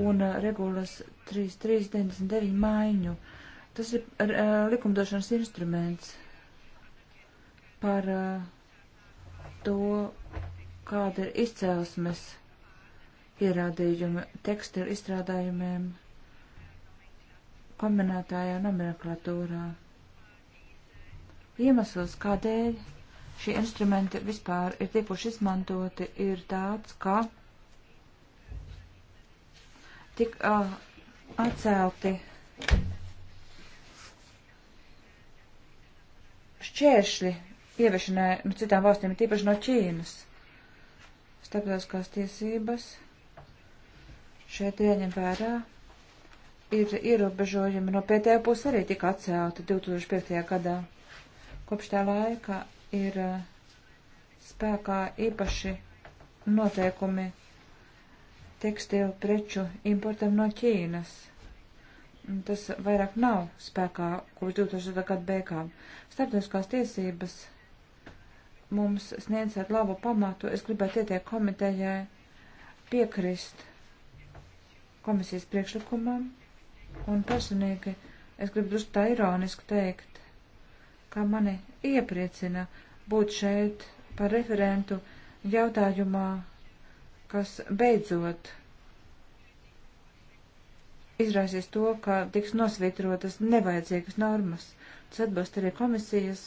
un regulas 3399 maiņu. Uh, Tas ir uh, likumdošanas instruments par uh, to, kāda ir izcelsmes pierādījumi tekstilu izstrādājumiem kombinētājā nomenklatūrā. Iemesls, kādēļ šie instrumenti vispār ir tikuši izmantoti, ir tāds, ka tika atcelti šķēršļi ieviešanai no nu, citām valstīm, tīpaši no Ķīnas. Starptautiskās tiesības šeit jāņem vērā. Ir ierobežojumi no pēdējā puses arī tika atcelti 2005. gadā. Kopš tā laika ir eh, spēkā īpaši noteikumi tekstilu preču importam no Ķīnas tas vairāk nav spēkā kopš 2000. gada beigām. Starptautiskās tiesības mums sniedzēt labu pamatu. Es gribētu ieteikt komitejai piekrist komisijas priekšlikumam, un personīgi es gribu drusku tā ironiski teikt, kā mani iepriecina būt šeit par referentu jautājumā, kas beidzot izraisīs to, ka tiks nosvītrotas nevajadzīgas normas. Tas atbalsta arī komisijas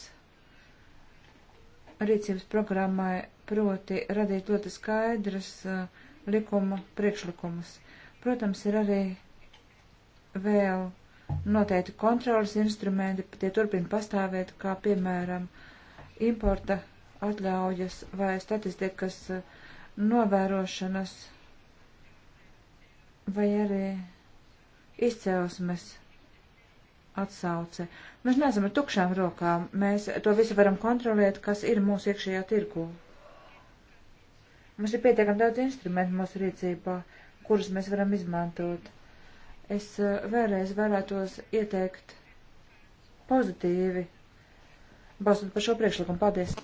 rīcības programmai proti radīt ļoti skaidras uh, likuma priekšlikumus. Protams, ir arī vēl noteikti kontrolas instrumenti, tie turpina pastāvēt, kā piemēram importa atļaujas vai statistikas uh, novērošanas vai arī izcelsmes atsauce. Mēs neesam ar tukšām rokām, mēs to visu varam kontrolēt, kas ir mūsu iekšējā tirgū. Mums ir pietiekami daudz instrumentu mūsu rīcībā, kurus mēs varam izmantot. Es eh, vēlreiz vēlētos ieteikt pozitīvi balstot par šo priekšlikumu. Paldies!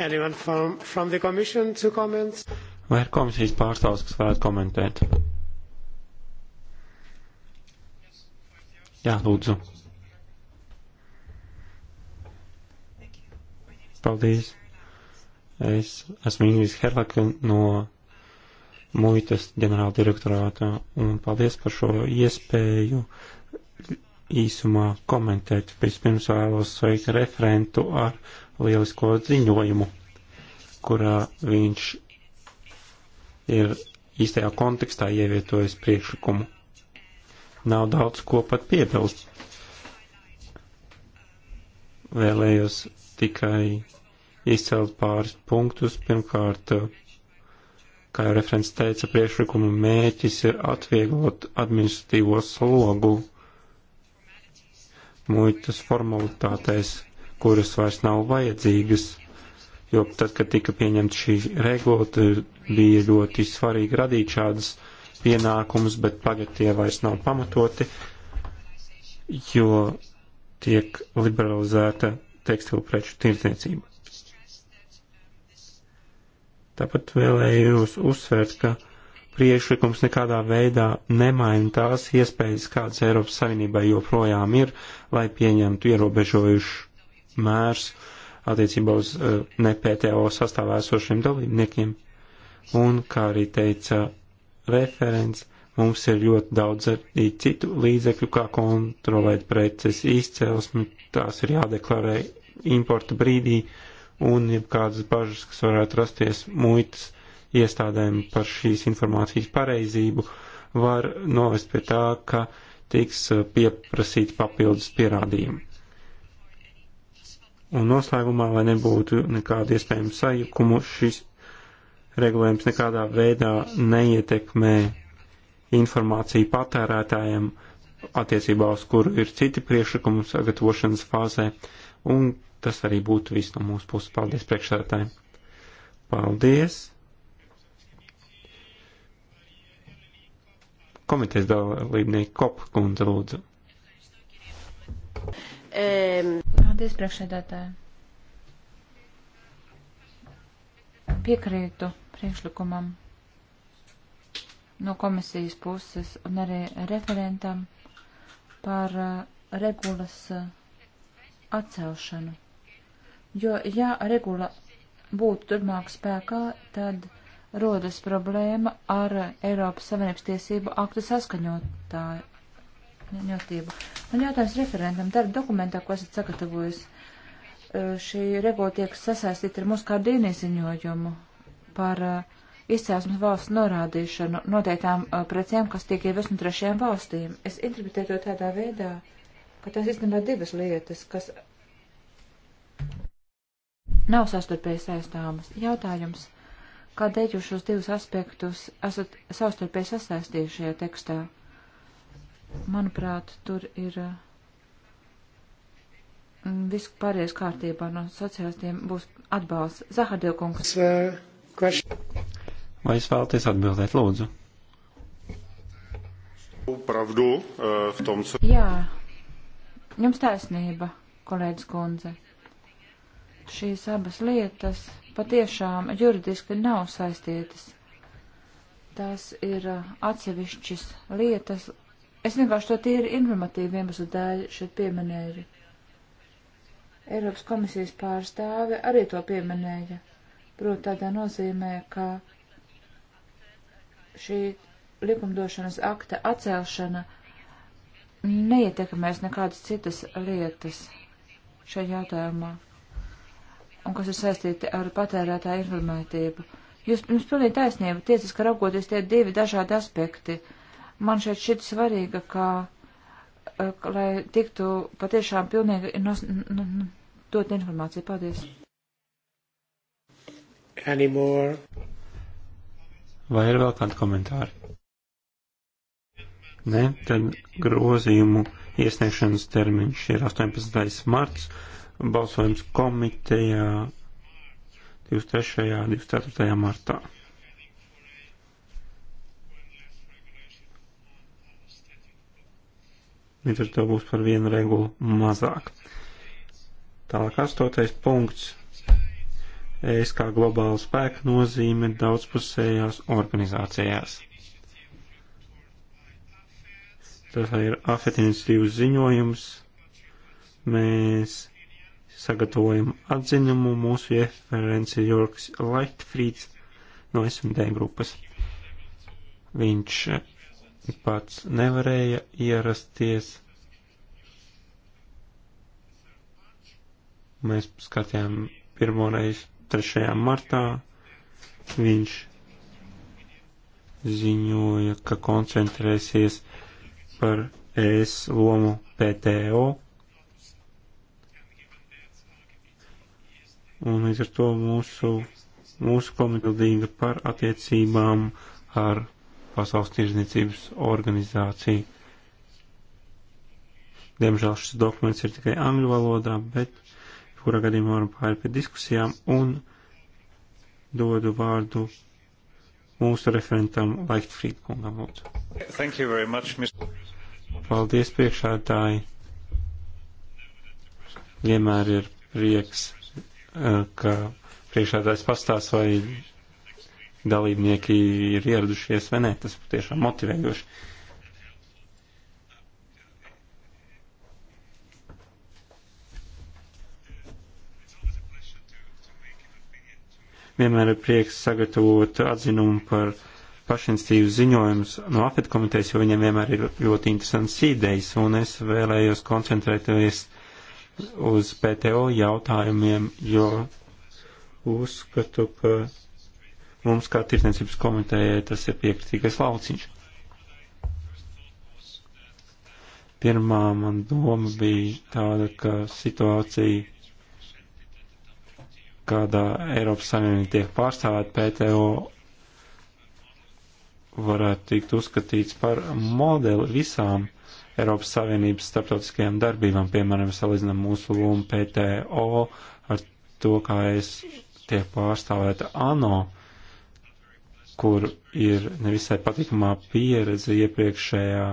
Anyone from, from the commission to comments? Vai ir komisijas pārstāvs, kas varētu komentēt? Jā, lūdzu. Paldies. Es esmu Ingris Herlaka no muitas ģenerāla direktorāta un paldies par šo iespēju īsumā komentēt. Vispirms vēlos sveikt referentu ar lielisko ziņojumu, kurā viņš ir īstajā kontekstā ievietojis priekšlikumu. Nav daudz ko pat piebilst. Vēlējos tikai izcelt pāris punktus. Pirmkārt, kā jau referents teica, priekšlikuma mēķis ir atvieglot administratīvo slogu muitas formalitātēs, kuras vairs nav vajadzīgas, jo tad, kad tika pieņemta šī regula, bija ļoti svarīgi radīt šādas pienākumus, bet tagad tie vairs nav pamatoti, jo tiek liberalizēta tekstilu preču tirdzniecība. Tāpat vēlējos uzsvērt, ka priekšlikums nekādā veidā nemaina tās iespējas, kādas Eiropas Savienībai joprojām ir, lai pieņemtu ierobežojušu mērs, uh, attiecībā uz eh, nepētējo sastāvā esošiem dalībniekiem. Un, kā arī teica referents, mums ir ļoti daudz arī citu līdzekļu, kā kontrolēt preces izcelsmi, tās ir jādeklarē importa brīdī, un ja kādas bažas, kas varētu rasties muitas iestādēm par šīs informācijas pareizību, var novest pie tā, ka tiks eh, pieprasīt papildus pierādījumi. Un noslēgumā, lai nebūtu nekādu iespējamu sajukumu, šis regulējums nekādā veidā neietekmē informāciju patērētājiem attiecībā uz kuru ir citi priekšlikumi sagatavošanas fāzē. Un tas arī būtu viss no mūsu puses. Paldies priekšsētājiem. Paldies. Komitejas dalībnieki Kopkundze lūdzu. Um. Paldies, priekšēdētāji. Piekrītu priekšlikumam no komisijas puses un arī referentam par eh, regulas eh, atcelšanu. Jo, ja regula būtu turpmāk spēkā, tad rodas problēma ar Eiropas Savienības tiesību aktu saskaņotāju apņemtību. Man jautājums referentam darba dokumentā, ko esat sagatavojis. Šī regula tiek sasaistīta ar mūsu kārdīnī ziņojumu par izcelsmes valsts norādīšanu noteiktām precēm, kas tiek ievest no trešajām valstīm. Es interpretēju to tādā veidā, ka tās īstenībā divas lietas, kas nav sastarpēji saistāmas. Jautājums kādēļ jūs šos divus aspektus esat savstarpēji sasaistījuši šajā tekstā? Manuprāt, tur ir mm, viss pārējais kārtībā no sociālistiem būs atbalsts. Zahardilkungs. Uh, Vai es vēlaties atbildēt, lūdzu? Pravdu, uh, tom, co... Jā, jums taisnība, kolēģis kundze. Šīs abas lietas patiešām juridiski nav saistītas. Tās ir uh, atsevišķas lietas, Es vienkārši to tīri informatīvu iemeslu dēļ šeit pieminēju. Eiropas komisijas pārstāve arī to pieminēja. Proti tādā nozīmē, ka šī likumdošanas akta atcelšana neietekmēs nekādas citas lietas šajā jautājumā, un kas ir saistīti ar patērētāju informētību. Jūs, jums pilnīgi taisnība, tiesiski raugoties tie divi dažādi aspekti. Uh, Man šeit šķiet svarīga, ka, eh, ka, lai tiktu patiešām pilnīgi nos, n, n, dot informāciju. Paldies. Anymore. Vai ir vēl kādi komentāri? Nē, tad grozījumu iesniegšanas termiņš ir 18. marts, balsojums komitejā 23. un 24. martā. Līdz ar to būs par vienu regulu mazāk. Tālāk astotais punkts. Es kā globāla spēka nozīme daudzpusējās organizācijās. Tas ir AFET iniciatīvas ziņojums. Mēs sagatavojam atzinumu mūsu referenci Jorgs Lightfrieds no SMD grupas. Viņš pats nevarēja ierasties. Mēs skatījām pirmoreiz 3. martā. Viņš ziņoja, ka koncentrēsies par ES lomu PTO. Un līdz ar to mūsu, mūsu komiteja par attiecībām ar Pasaules tirzniecības organizācija. Diemžēl šis dokuments ir tikai angļu valodā, bet kurā gadījumā varam pāriet pie diskusijām un dodu vārdu mūsu referentam Leichtfried kungam. Much, Paldies priekšādāji. Vienmēr ir prieks, eh, ka priekšādājs pastāst, vai dalībnieki ir ieradušies vai nē. Tas tiešām motivējoši. Vienmēr ir prieks sagatavot atzinumu par pašinstīvu ziņojumus no AFET komitejas, jo viņiem vienmēr ir ļoti interesants idejas, un es vēlējos koncentrēties uz PTO jautājumiem, jo uzskatu, ka Mums, kā tirsniecības komitējai, tas ir piekritīgais lauciņš. Pirmā man doma bija tāda, ka situācija, kādā Eiropas Savienība tiek pārstāvēta PTO, varētu tikt uzskatīts par modeli visām Eiropas Savienības starptautiskajām darbībām, piemēram, salīdzinām mūsu lomu PTO ar to, kā es tiek pārstāvēta ANO kur ir nevisai patikamā pieredze iepriekšējā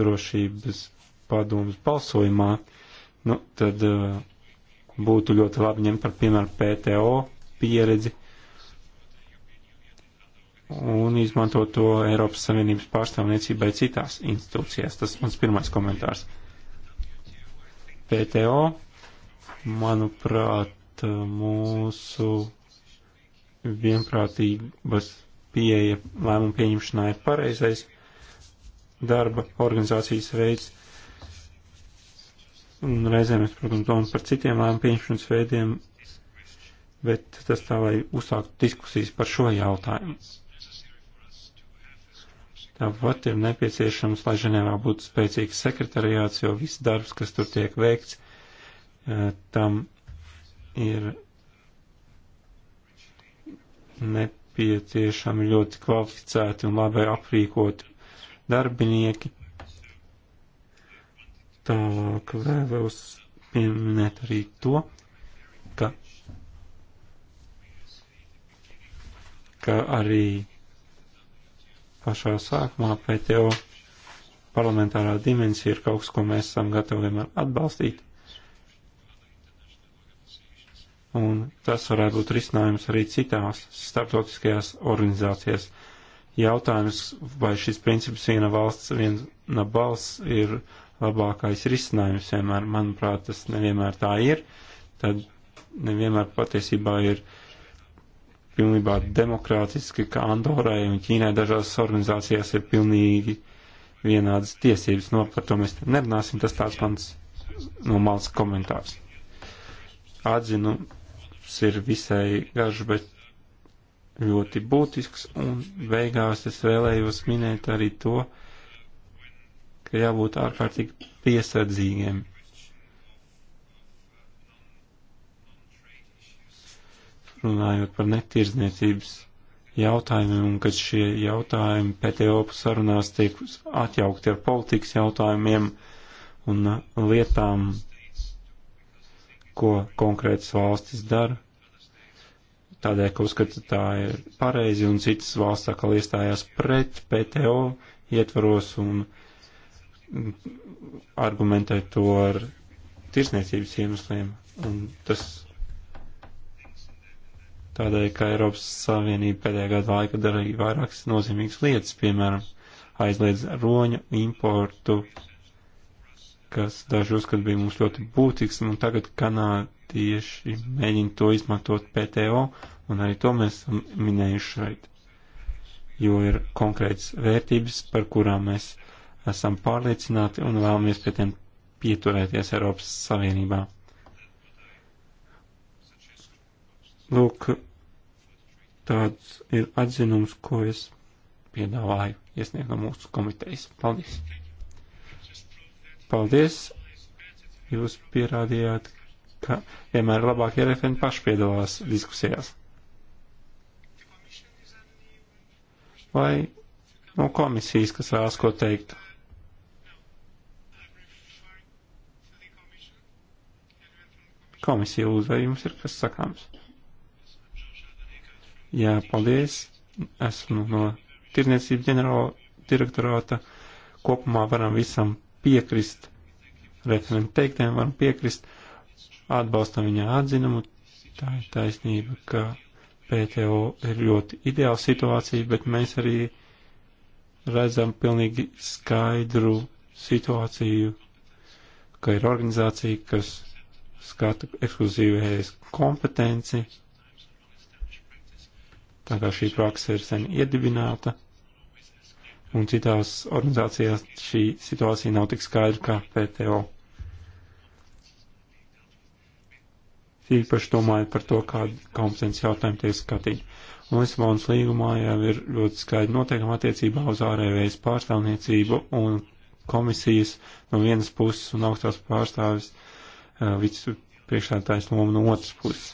drošības padomas balsojumā, nu, tad uh, būtu ļoti labi ņemt par piemēru PTO pieredzi un izmantot to Eiropas Savienības pārstāvniecībai citās institūcijās. Tas mans pirmais komentārs. PTO, manuprāt, mūsu vienprātības pieeja lēmumu pieņemšanā ir pareizais darba organizācijas veids. Un reizēm es, protams, domāju par citiem lēmumu pieņemšanas veidiem, bet tas tā, lai uzsāktu diskusijas par šo jautājumu. Tāpat ir nepieciešams, lai Ženēvā būtu spēcīgs sekretariāts, jo viss darbs, kas tur tiek veikts, eh, tam ir ne, nepieciešami ļoti kvalificēti un labi aprīkoti darbinieki. Tālāk vēlos pieminēt arī to, ka, ka arī pašā sākumā PTO parlamentārā dimensija ir kaut kas, ko mēs esam gatavi vienmēr atbalstīt un tas varētu būt risinājums arī citās starptautiskajās organizācijās. Jautājums, vai šis princips viena valsts, viena balss ir labākais risinājums vienmēr, manuprāt, tas nevienmēr tā ir, tad nevienmēr patiesībā ir pilnībā demokrātiski, ka Andorai un Ķīnai dažās organizācijās ir pilnīgi vienādas tiesības. No nu, par to mēs nerunāsim, tas tāds mans no malas komentārs. Atzinu darbs ir visai garš, bet ļoti būtisks, un beigās es vēlējos minēt arī to, ka jābūt ārkārtīgi piesardzīgiem. Runājot par netirdzniecības jautājumiem, un kad šie jautājumi PTO sarunās tiek atjaukti ar politikas jautājumiem un lietām, ko konkrētas valstis dara, tādēļ, ka uzskata tā ir pareizi, un citas valsts atkal iestājās pret PTO ietvaros un argumentē to ar tirsniecības iemesliem. Un tas tādēļ, ka Eiropas Savienība pēdējā gada laika darīja vairākas nozīmīgas lietas, piemēram, aizliedz roņu importu kas daži uzskat bija mums ļoti būtīgs, un tagad kanādieši mēģina to izmantot PTO, un arī to mēs minējuši šeit, jo ir konkrētas vērtības, par kurām mēs esam pārliecināti un vēlamies pie tiem pieturēties Eiropas Savienībā. Lūk, tāds ir atzinums, ko es piedāvāju iesniegt no mūsu komitejas. Paldies! Paldies! Jūs pierādījāt, ka vienmēr labākie referenti paši piedalās diskusijās. Vai no komisijas, kas vēlas ko teikt? Komisija lūdzu, vai jums ir kas sakāms? Jā, paldies. Esmu no Tirniecības ģenerāla direktorāta. Kopumā varam visam piekrist referentam teiktiem, varam piekrist, atbalstam viņa atzinumu. Tā ir taisnība, ka PTO ir ļoti ideāla situācija, bet mēs arī redzam pilnīgi skaidru situāciju, ka ir organizācija, kas skata ekskluzīvējas kompetenci, tā kā šī praksa ir sen iedibināta, un citās organizācijās šī situācija nav tik skaidra kā PTO. Īpaši domājot par to, kāda kompetences jautājuma tiek skatīta. Un Lisabonas līgumā jau ir ļoti skaidri noteikama attiecībā uz ārēvējas pārstāvniecību un komisijas no vienas puses un augstās pārstāvis uh, vicepriekšētājs loma no otras puses.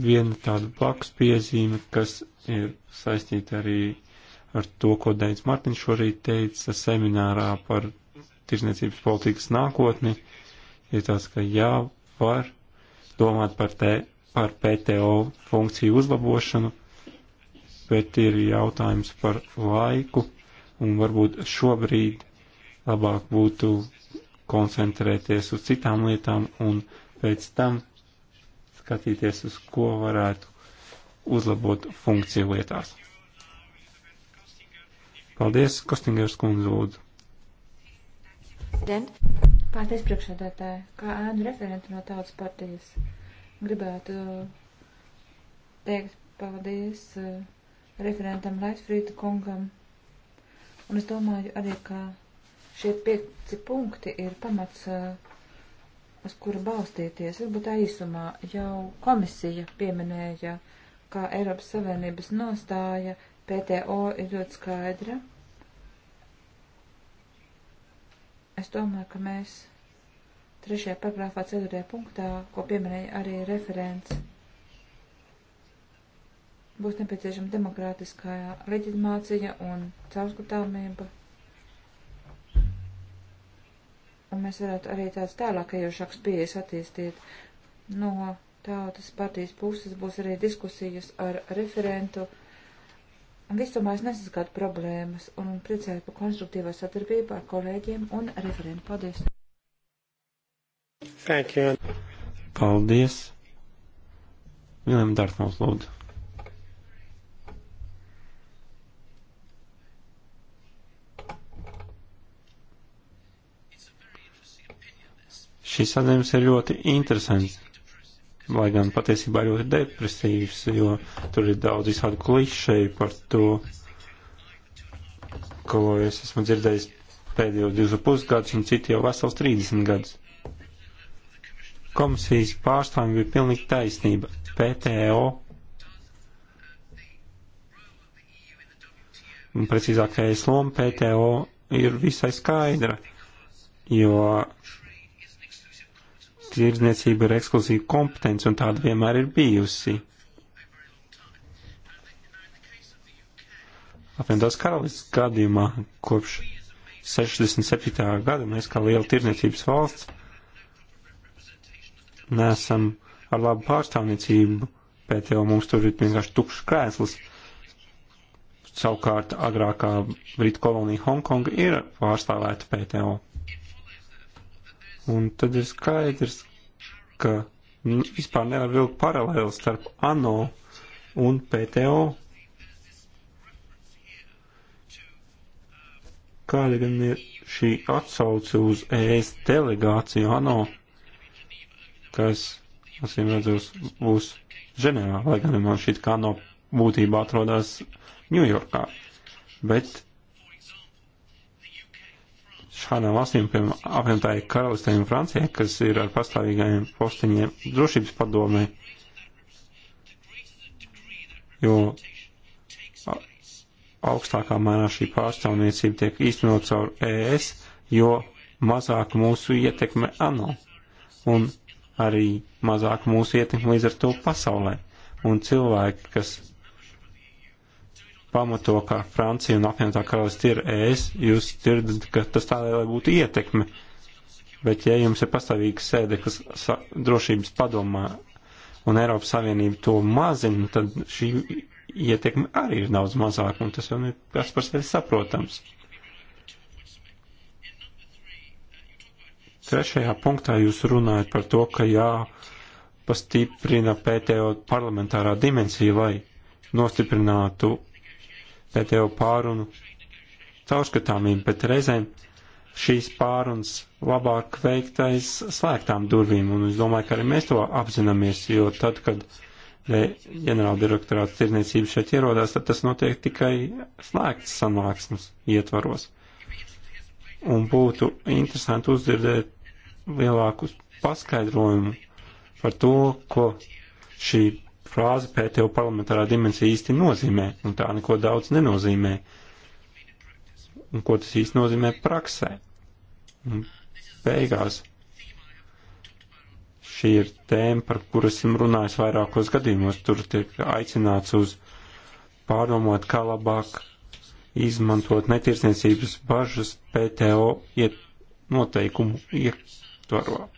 Viena tāda blakus piezīme, kas ir saistīta arī ar to, ko Deits Martins šorīt teica seminārā par tirzniecības politikas nākotni, ir tas, ka jā, var domāt par, te, par PTO funkciju uzlabošanu, bet ir jautājums par laiku, un varbūt šobrīd labāk būtu koncentrēties uz citām lietām un pēc tam skatīties, uz ko varētu uzlabot funkciju lietās. Paldies, Kostingers kundze, lūdzu. Paldies, priekšsēdētāji. Kā ēnu referentu no tautas partijas gribētu teikt paldies eh, referentam Laisfrīda kungam. Un es domāju arī, ka šie pieci punkti ir pamats, eh, uz kura balstīties. Varbūt tā īsumā jau komisija pieminēja, kā Eiropas Savienības nostāja PTO ir ļoti skaidra. Es domāju, ka mēs trešajā paragrāfā, ceturtajā punktā, ko pieminēja arī referents, būs nepieciešama demokrātiskā leģitimācija un caurskatāmība. Un mēs varētu arī tāds tālākajos pieejas attīstīt. No tautas partijas puses būs arī diskusijas ar referentu. Uh, Visumā es nesaskatu problēmas un priecēju par konstruktīvā sadarbību ar kolēģiem un referentu. Paldies! Thank you. Paldies! Viņam Dārtmals lūdzu. Šis atzīmes ir ļoti interesants lai gan patiesībā ļoti depresīvs, jo tur ir daudz visādi klišēji par to, ko es esmu dzirdējis pēdējo 2,5 gadus un citi jau vesels 30 gadus. Komisijas pārstāvjiem bija pilnīgi taisnība. PTO e un precīzākais loma PTO e ir visai skaidra, jo tirdzniecība ir ekskluzīva kompetence, un tāda vienmēr ir bijusi. Apvienotās karalists gadījumā kopš 67. gada mēs kā liela tirdzniecības valsts nesam ar labu pārstāvniecību, bet jau mums tur ir vienkārši tukšs krēsls. Savukārt agrākā Britu kolonija Hongkonga ir pārstāvēta PTO. Un tad ir skaidrs, ka vispār nevar vilkt paralēli starp ANO un PTO. Kāda gan ir šī atsauce uz ES delegāciju ANO, kas, asim redzos, būs Ženēvā, lai gan man šķiet, ka ANO būtībā atrodas Ņujorkā. Bet šādām valstīm, piemēram, apvienotāji karalistē un Francijai, kas ir ar pastāvīgajiem postiņiem drošības padomē, jo augstākā mērā šī pārstāvniecība tiek īstenot caur ES, jo mazāk mūsu ietekme ANO un arī mazāk mūsu ietekme līdz ar to pasaulē. Un cilvēki, kas pamato, ka Francija un apvienotā karalisti ir ēs, jūs dzirdat, ka tas tādēļ, lai būtu ietekme. Bet ja jums ir pastāvīgs sēdeklis drošības padomā un Eiropas Savienība to mazina, tad šī ietekme arī ir daudz mazāka, un tas jau ir kas par sevi saprotams. Trešajā punktā jūs runājat par to, ka jāpastiprina PTO parlamentārā dimensija, lai nostiprinātu pēdējo pārunu caurskatāmību, bet reizēm šīs pārunas labāk veiktais slēgtām durvīm, un es domāju, ka arī mēs to apzināmies, jo tad, kad e, ģenerāla direktorāta tirniecība šeit ierodās, tad tas notiek tikai slēgts sanāksmes ietvaros. Un būtu interesanti uzdzirdēt lielākus paskaidrojumu par to, ko šī frāze PTO parlamentārā dimensija īsti nozīmē, un tā neko daudz nenozīmē, un ko tas īsti nozīmē praksē. Un beigās šī ir tēma, par kuru esam runājis vairākos gadījumos, tur tiek aicināts uz pārdomot, kā labāk izmantot netirsniecības bažas PTO iet noteikumu ietvarā.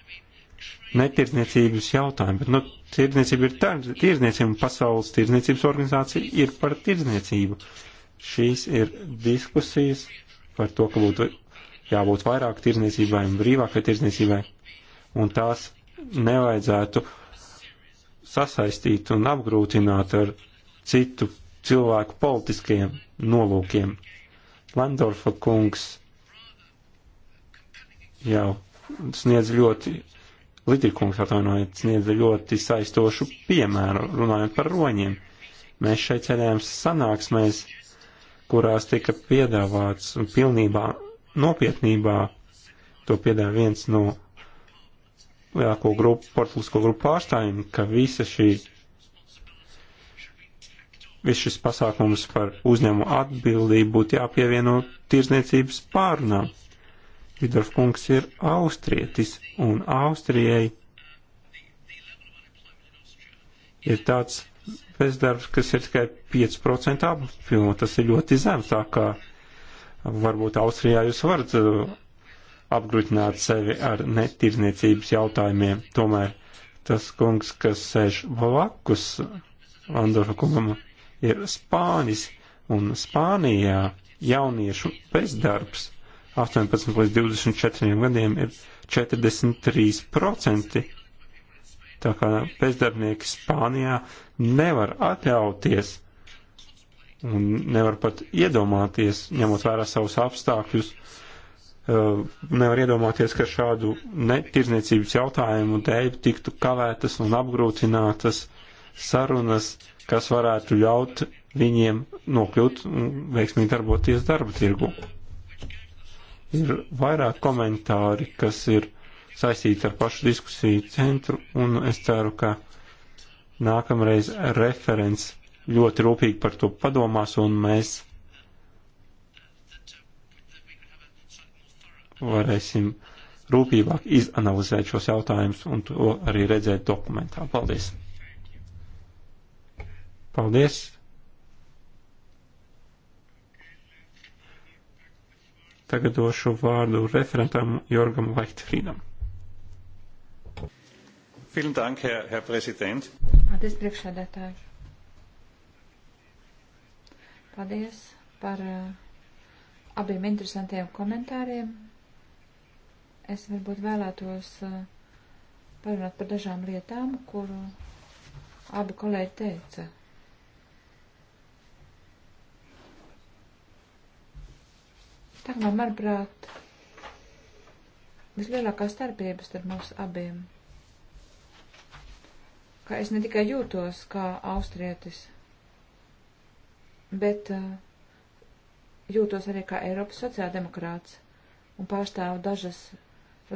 Netirsniecības jautājumi, bet nu, Tirzniecība ir tirzniecība, pasaules tirzniecības organizācija ir par tirzniecību. Šīs ir diskusijas par to, ka būtu jābūt vairāk tirzniecībai un brīvākai tirzniecībai, un tās nevajadzētu sasaistīt un apgrūtināt ar citu cilvēku politiskajiem nolūkiem. Landorfa kungs jau sniedz ļoti Lidīkungs atvainojiet sniedza ļoti saistošu piemēru, runājot par roņiem. Mēs šeit sēdējām sanāksmēs, kurās tika piedāvāts un pilnībā nopietnībā to piedāvā viens no lielāko grupu, portugālisko grupu pārstāvjiem, ka visa šī, viss šis pasākums par uzņēmu atbildību būtu jāpievieno tirzniecības pārunām Vidors kungs ir austrietis, un Austrijai ir tāds bezdarbs, kas ir tikai 5% apjoma. Tas ir ļoti zems, tā kā varbūt Austrijā jūs varat uh, apgrūtināt sevi ar netirniecības jautājumiem. Tomēr tas kungs, kas sēž blakus Andorra kungam, ir Spānis, un Spānijā jauniešu bezdarbs 18 līdz 24 gadiem ir 43%. Tā kā bezdarbnieki Spānijā nevar atļauties un nevar pat iedomāties, ņemot vērā savus apstākļus, uh, nevar iedomāties, ka šādu tirdzniecības jautājumu dēļ tiktu kavētas un apgrūtinātas sarunas, kas varētu ļaut viņiem nokļūt un veiksmīgi darboties darba tirgu. Ir vairāk komentāri, kas ir saistīti ar pašu diskusiju centru, un es ceru, ka nākamreiz referents ļoti rūpīgi par to padomās, un mēs varēsim rūpīgāk izanalizēt šos jautājumus un to arī redzēt dokumentā. Paldies! Paldies! Tagad došu vārdu referentam Jorgam Vaichtfrīdam. Vielen Dank, Herr, Herr Präsident. Paldies, priekšsēdētāji. Paldies par uh, abiem interesantiem komentāriem. Es varbūt vēlētos uh, parunāt par dažām lietām, kuru abi kolēģi teica. Tomēr, manuprāt, vislielākā starpība starp mums abiem. Kā es ne tikai jūtos kā austrietis, bet uh, jūtos arī kā Eiropas sociāldemokrāts un pārstāvu dažas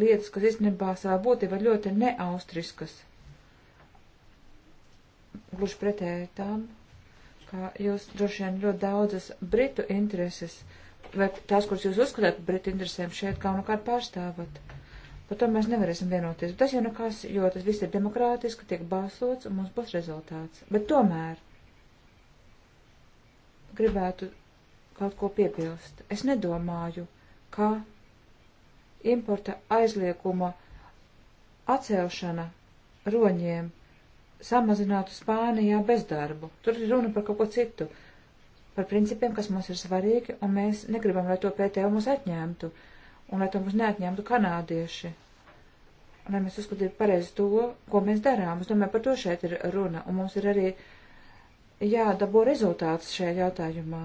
lietas, kas īstenībā savā būtībā ļoti neaustriskas. Gluži pretēji tām, kā jūs droši vien ļoti daudzas britu intereses uh, vai tās, kuras jūs uzskatāt par Britu interesēm, šeit kā nu kādu pārstāvat. Par to mēs nevarēsim vienoties. Tas jau nekas, jo tas viss ir demokrātiski, tiek balsots un mums būs rezultāts. Bet tomēr gribētu kaut ko piebilst. Es nedomāju, ka importa aizlieguma atcelšana roņiem samazinātu Spānijā bezdarbu. Tur ir runa par kaut ko citu. Uh, par principiem, kas mums ir svarīgi, un mēs negribam, lai to PTO mums atņemtu, un lai to mums neatņemtu kanādieši. Un lai mēs uzskatītu pareizi to, ko mēs darām. Es domāju, par to šeit ir runa, un mums ir arī jādabo rezultāts šajā jautājumā.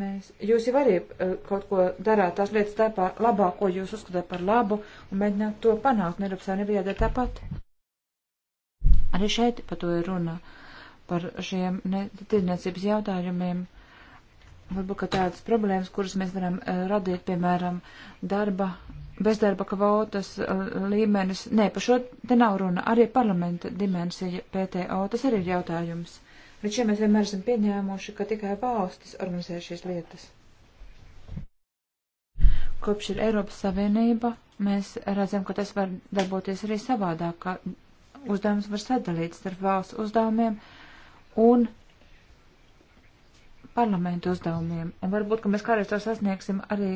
Mēs, jūs jau arī eh, kaut ko darāt, tās lietas tāpā labā, ko jūs uzskatāt par labu, un mēģināt to panākt, un Eiropas Savienība jādara tāpat. Arī šeit par to ir runa, par šiem tirdzniecības jautājumiem varbūt tādas problēmas, kuras mēs varam eh, radīt, piemēram, darba, bezdarba kvotas eh, līmenis. Nē, par šo te nav runa. Arī parlamenta dimensija PTO, tas arī ir jautājums. Līdz šim mēs vienmēr esam pieņēmuši, ka tikai valstis organizē šīs lietas. Kopš ir Eiropas Savienība, mēs redzam, ka tas var darboties arī savādāk, ka uzdevums var sadalīt starp valsts uzdevumiem un parlamentu uzdevumiem, un varbūt, ka mēs kādreiz to sasniegsim arī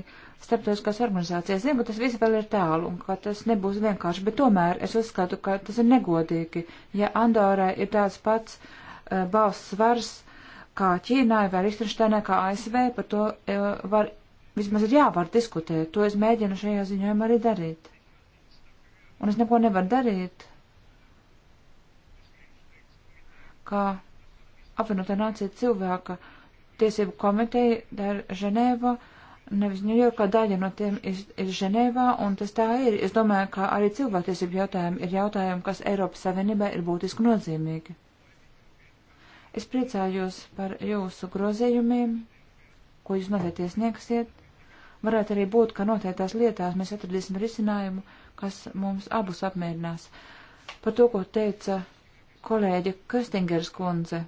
starptautiskās organizācijas. Zinu, ka tas viss vēl ir tālu, un ka tas nebūs vienkārši, bet tomēr es uzskatu, ka tas ir negodīgi, ja Andorai ir tāds pats uh, eh, balss svars kā Ķīnai vai Lichtensteinai, kā ASV, par to uh, var, vismaz ir jāvar diskutēt, to es mēģinu šajā ziņojumā arī darīt. Un es neko nevaru darīt, kā apvienotā nācija cilvēka, uh, tiesību komiteja dara Ženēva, nevis Ņujorkā, daļa no tiem ir, ir Ženēvā, un tas tā ir. Es domāju, ka arī cilvēktiesību jautājumi ir jautājumi, kas Eiropas Savienībai ir būtiski nozīmīgi. Es priecājos par jūsu grozījumiem, ko jūs noteikti iesniegsiet. Varētu arī būt, ka noteiktās lietās mēs atradīsim risinājumu, kas mums abus apmierinās. Par to, ko teica kolēģe Kastingers kundze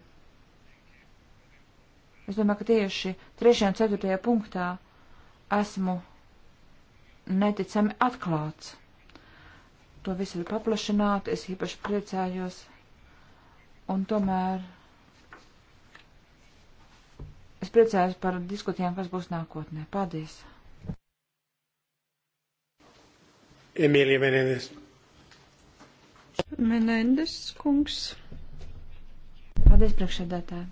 Es domāju, ka tieši 3. un 4. punktā esmu neticami atklāts. To visu ir paplašināti, es īpaši priecājos. Un tomēr es priecājos par diskutēm, kas būs nākotnē. Paldies! Emīlija Menendes. Menendes kungs. Paldies, priekšsēdētāji.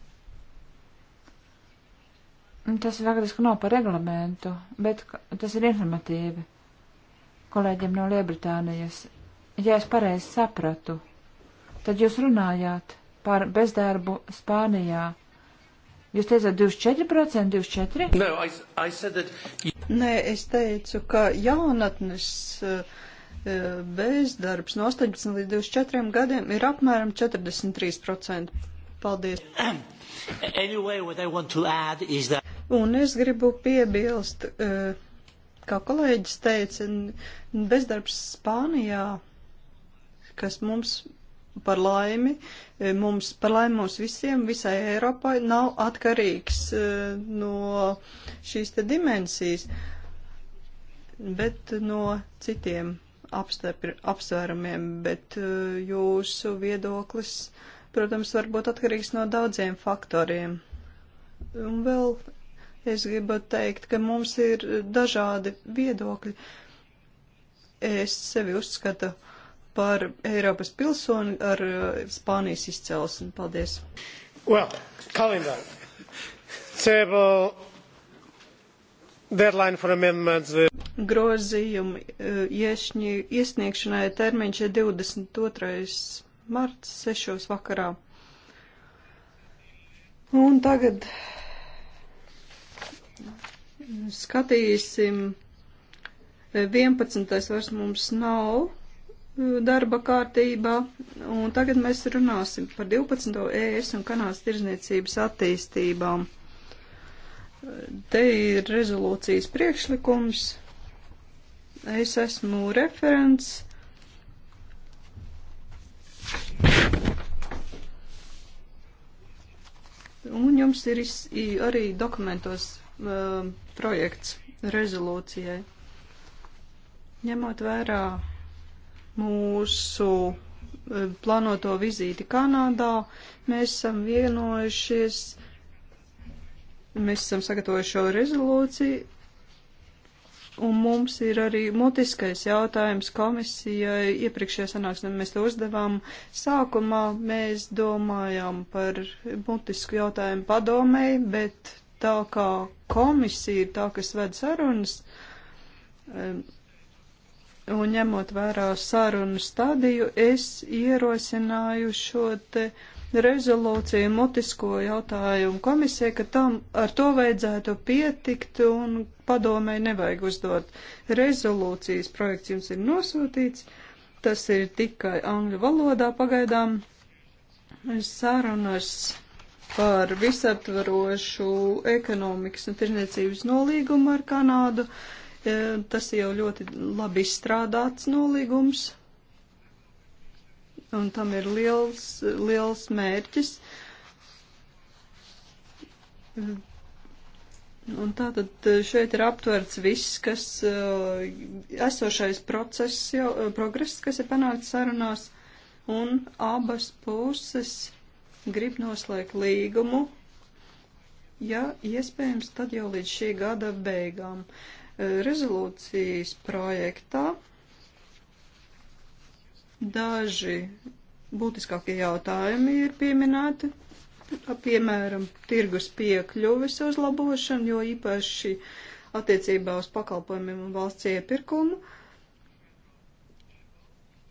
Tas faktiski nav par reglamentu, bet tas ir informatīvi kolēģiem no Liebritānijas. Ja es pareizi sapratu, tad jūs runājāt par bezdarbu Spānijā. Jūs teicāt 24%, 24%? No, I, I that... Nē, es teicu, ka jaunatnes eh, bezdarbs no 18 līdz 24 gadiem ir apmēram 43%. Paldies! Anyway, that... Un es gribu piebilst, eh, kā kolēģis teica, bezdarbs Spānijā, kas mums par laimi, eh, mums par laimi mums visiem, visai Eiropai nav atkarīgs eh, no šīs te dimensijas, bet no citiem apsvērumiem, bet jūsu viedoklis, protams, varbūt atkarīgs no daudziem faktoriem. Un vēl Es gribu teikt, ka mums ir dažādi viedokļi. Es sevi uzskatu par Eiropas pilsoni ar eh, Spānijas izcelsmi. Paldies! Well, calendar. Table deadline for amendments. Grozījumu eh, iešņi, iesniegšanai termiņš ir 22. marts 6. vakarā. Un tagad Skatīsim. 11. vairs mums nav uh, darba kārtībā, un tagad mēs runāsim par 12. ES un Kanādas tirzniecības attīstībām. Te ir rezolūcijas priekšlikums. Es esmu referents. Un jums ir arī dokumentos um, projekts rezolūcijai. Ņemot vērā mūsu um, plānoto vizīti Kanādā, mēs esam vienojušies, mēs esam sagatavojuši šo rezolūciju, un mums ir arī mutiskais jautājums komisijai. Iepriekšējā sanāksmē mēs to uzdevām. Sākumā mēs domājām par mutisku jautājumu padomēji, bet tā kā komisija ir tā, kas ved sarunas, un ņemot vērā sarunu stadiju, es ierosināju šo te rezolūciju mutisko jautājumu komisijai, ka tam ar to vajadzētu pietikt un padomē nevajag uzdot rezolūcijas projekts jums ir nosūtīts. Tas ir tikai angļu valodā pagaidām. Sarunas par visaptvarošu ekonomikas un tirniecības nolīgumu ar Kanādu. E, tas jau ļoti labi izstrādāts nolīgums, un tam ir liels, liels mērķis. E, un tātad šeit ir aptverts viss, kas e, esošais process, jau, progress, kas ir panācis sarunās, un abas puses grib noslēgt līgumu, ja iespējams, tad jau līdz šī gada beigām. E, rezolūcijas projektā daži būtiskākie jautājumi ir pieminēti, piemēram, tirgus piekļuvis uzlabošana, jo īpaši attiecībā uz pakalpojumiem un valsts iepirkumu. Uh,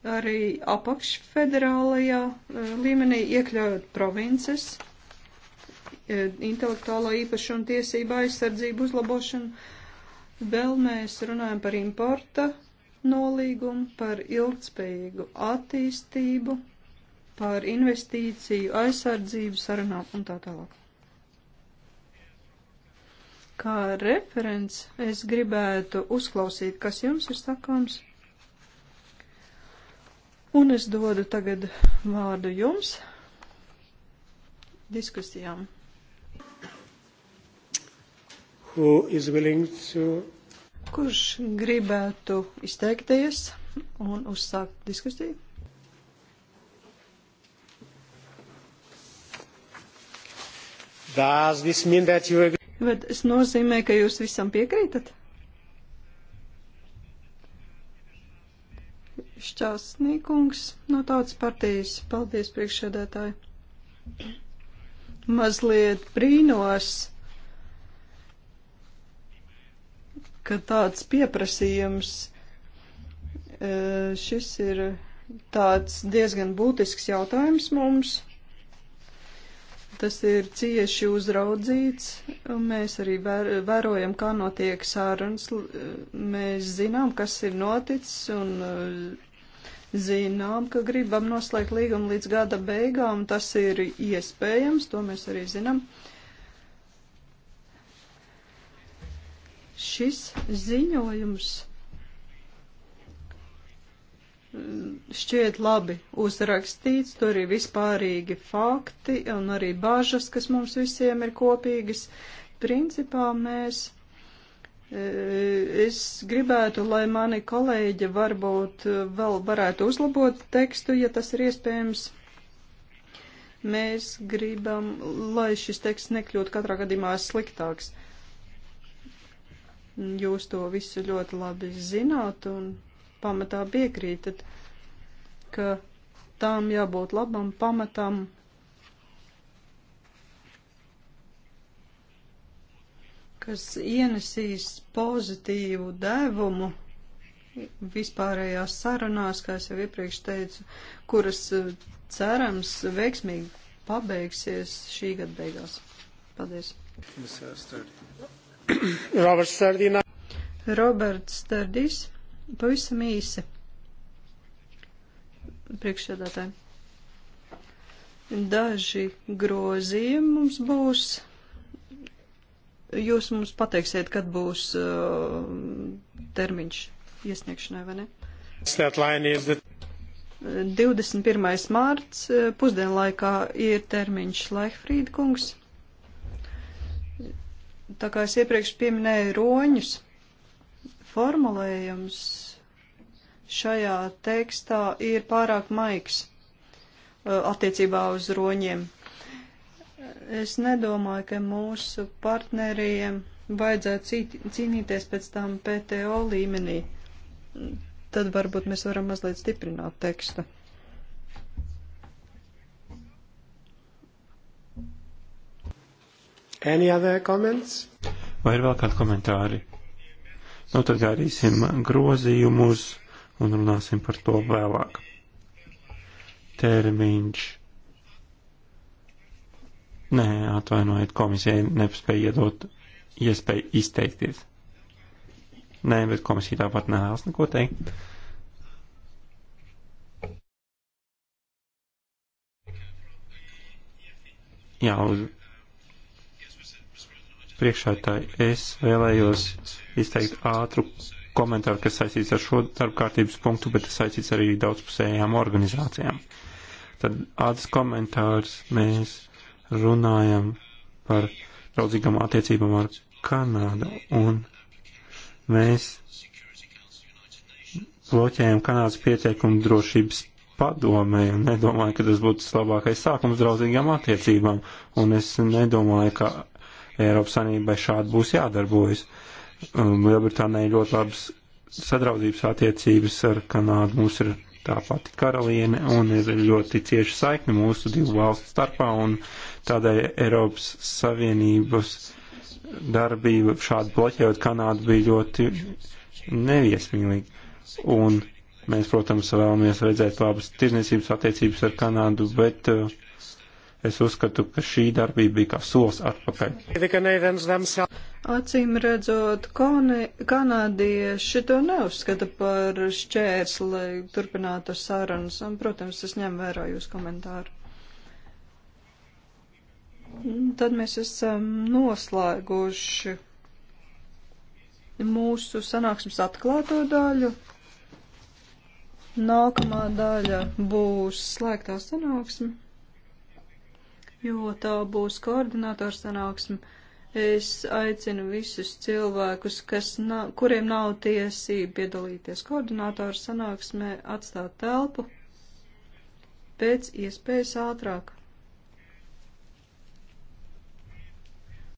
arī apakšfederālajā eh, līmenī, iekļaujot provinces, eh, intelektuālo īpašumu tiesību aizsardzību uzlabošanu. Vēl mēs runājam par importa nolīgumu, par ilgtspējīgu attīstību, par investīciju aizsardzību sarunām un tā tālāk. Kā referents es gribētu uzklausīt, kas jums ir sakāms. Un es dodu tagad vārdu jums diskusijām. To... Kurš gribētu izteikties un uzsākt diskusiju? Bet es nozīmē, ka jūs visam piekrītat? Šķāsnīkungs no tautas partijas. Paldies, priekšsēdētāji. Mazliet brīnos, ka tāds pieprasījums e, šis ir tāds diezgan būtisks jautājums mums. Tas ir cieši uzraudzīts, un mēs arī vērojam, kā notiek sārunas. E, mēs zinām, kas ir noticis, un e, zinām, ka gribam noslēgt līgumu līdz gada beigām. Tas ir iespējams, to mēs arī zinām. Šis ziņojums mm, šķiet labi uzrakstīts, tur ir vispārīgi fakti un arī bažas, kas mums visiem ir kopīgas. Principā mēs Es gribētu, lai mani kolēģi varbūt vēl varētu uzlabot tekstu, ja tas ir iespējams. Mēs gribam, lai šis teksts nekļūtu katrā gadījumā sliktāks. Jūs to visu ļoti labi zināt un pamatā piekrītat, ka tām jābūt labam pamatam kas ienesīs pozitīvu devumu vispārējās sarunās, kā es jau iepriekš teicu, kuras eh, cerams veiksmīgi pabeigsies šī gada beigās. Paldies. Roberts Sterdīnā. Roberts Sterdīs, pavisam īsi. Priekšsēdētāji. Daži grozījumi mums būs Jūs mums pateiksiet, kad būs uh, termiņš iesniegšanai, vai ne? 21. mārts uh, pusdienlaikā ir termiņš Laihfrīd kungs. Tā kā es iepriekš pieminēju roņus, formulējums šajā tekstā ir pārāk maigs uh, attiecībā uz roņiem es nedomāju, ka mūsu partneriem vajadzētu cīnīties pēc tam PTO līmenī. Tad varbūt mēs varam mazliet stiprināt tekstu. Any other comments? Vai ir vēl kādi komentāri? Nu, tad gādīsim grozījumus un runāsim par to vēlāk. Termiņš Nē, atvainojiet, komisijai nespēja iedot iespēju izteikties. Nē, bet komisija tāpat nevēlas neko teikt. Jā, lūdzu. Priekšētāji, es vēlējos izteikt ātru komentāru, kas saistīts ar šo darba kārtības punktu, bet tas saistīts arī daudzpusējām organizācijām. Tad ātrs komentārs mēs runājam par draudzīgām attiecībām ar Kanādu, un mēs bloķējam Kanādas pieteikumu drošības padomē, un nedomāju, ka tas būtu labākais sākums draudzīgām attiecībām, un es nedomāju, ka Eiropas Sanībai šādi būs jādarbojas. Um, Lielbritānija ļoti labas sadraudzības attiecības ar Kanādu, mums ir tā pati karaliene, un ir ļoti cieša saikne mūsu divu valstu starpā, un uh, Tādēļ Eiropas Savienības darbība šādi bloķējot Kanādu bija ļoti neviesmīlīga. Un mēs, protams, vēlamies redzēt labas tirzniecības attiecības ar Kanādu, bet uh, Es uzskatu, ka šī darbība bija kā solis atpakaļ. Acīm redzot, kanādieši to neuzskata par šķērsli turpināt ar sarunas, un, protams, es ņemu vērā jūsu komentāru. Tad mēs esam noslēguši mūsu sanāksmes atklāto daļu. Nākamā daļa būs slēgtā sanāksme, jo tā būs koordinātora sanāksme. Es aicinu visus cilvēkus, kas nav, kuriem nav tiesība piedalīties koordinātoru sanāksmē, atstāt telpu pēc iespējas ātrāk.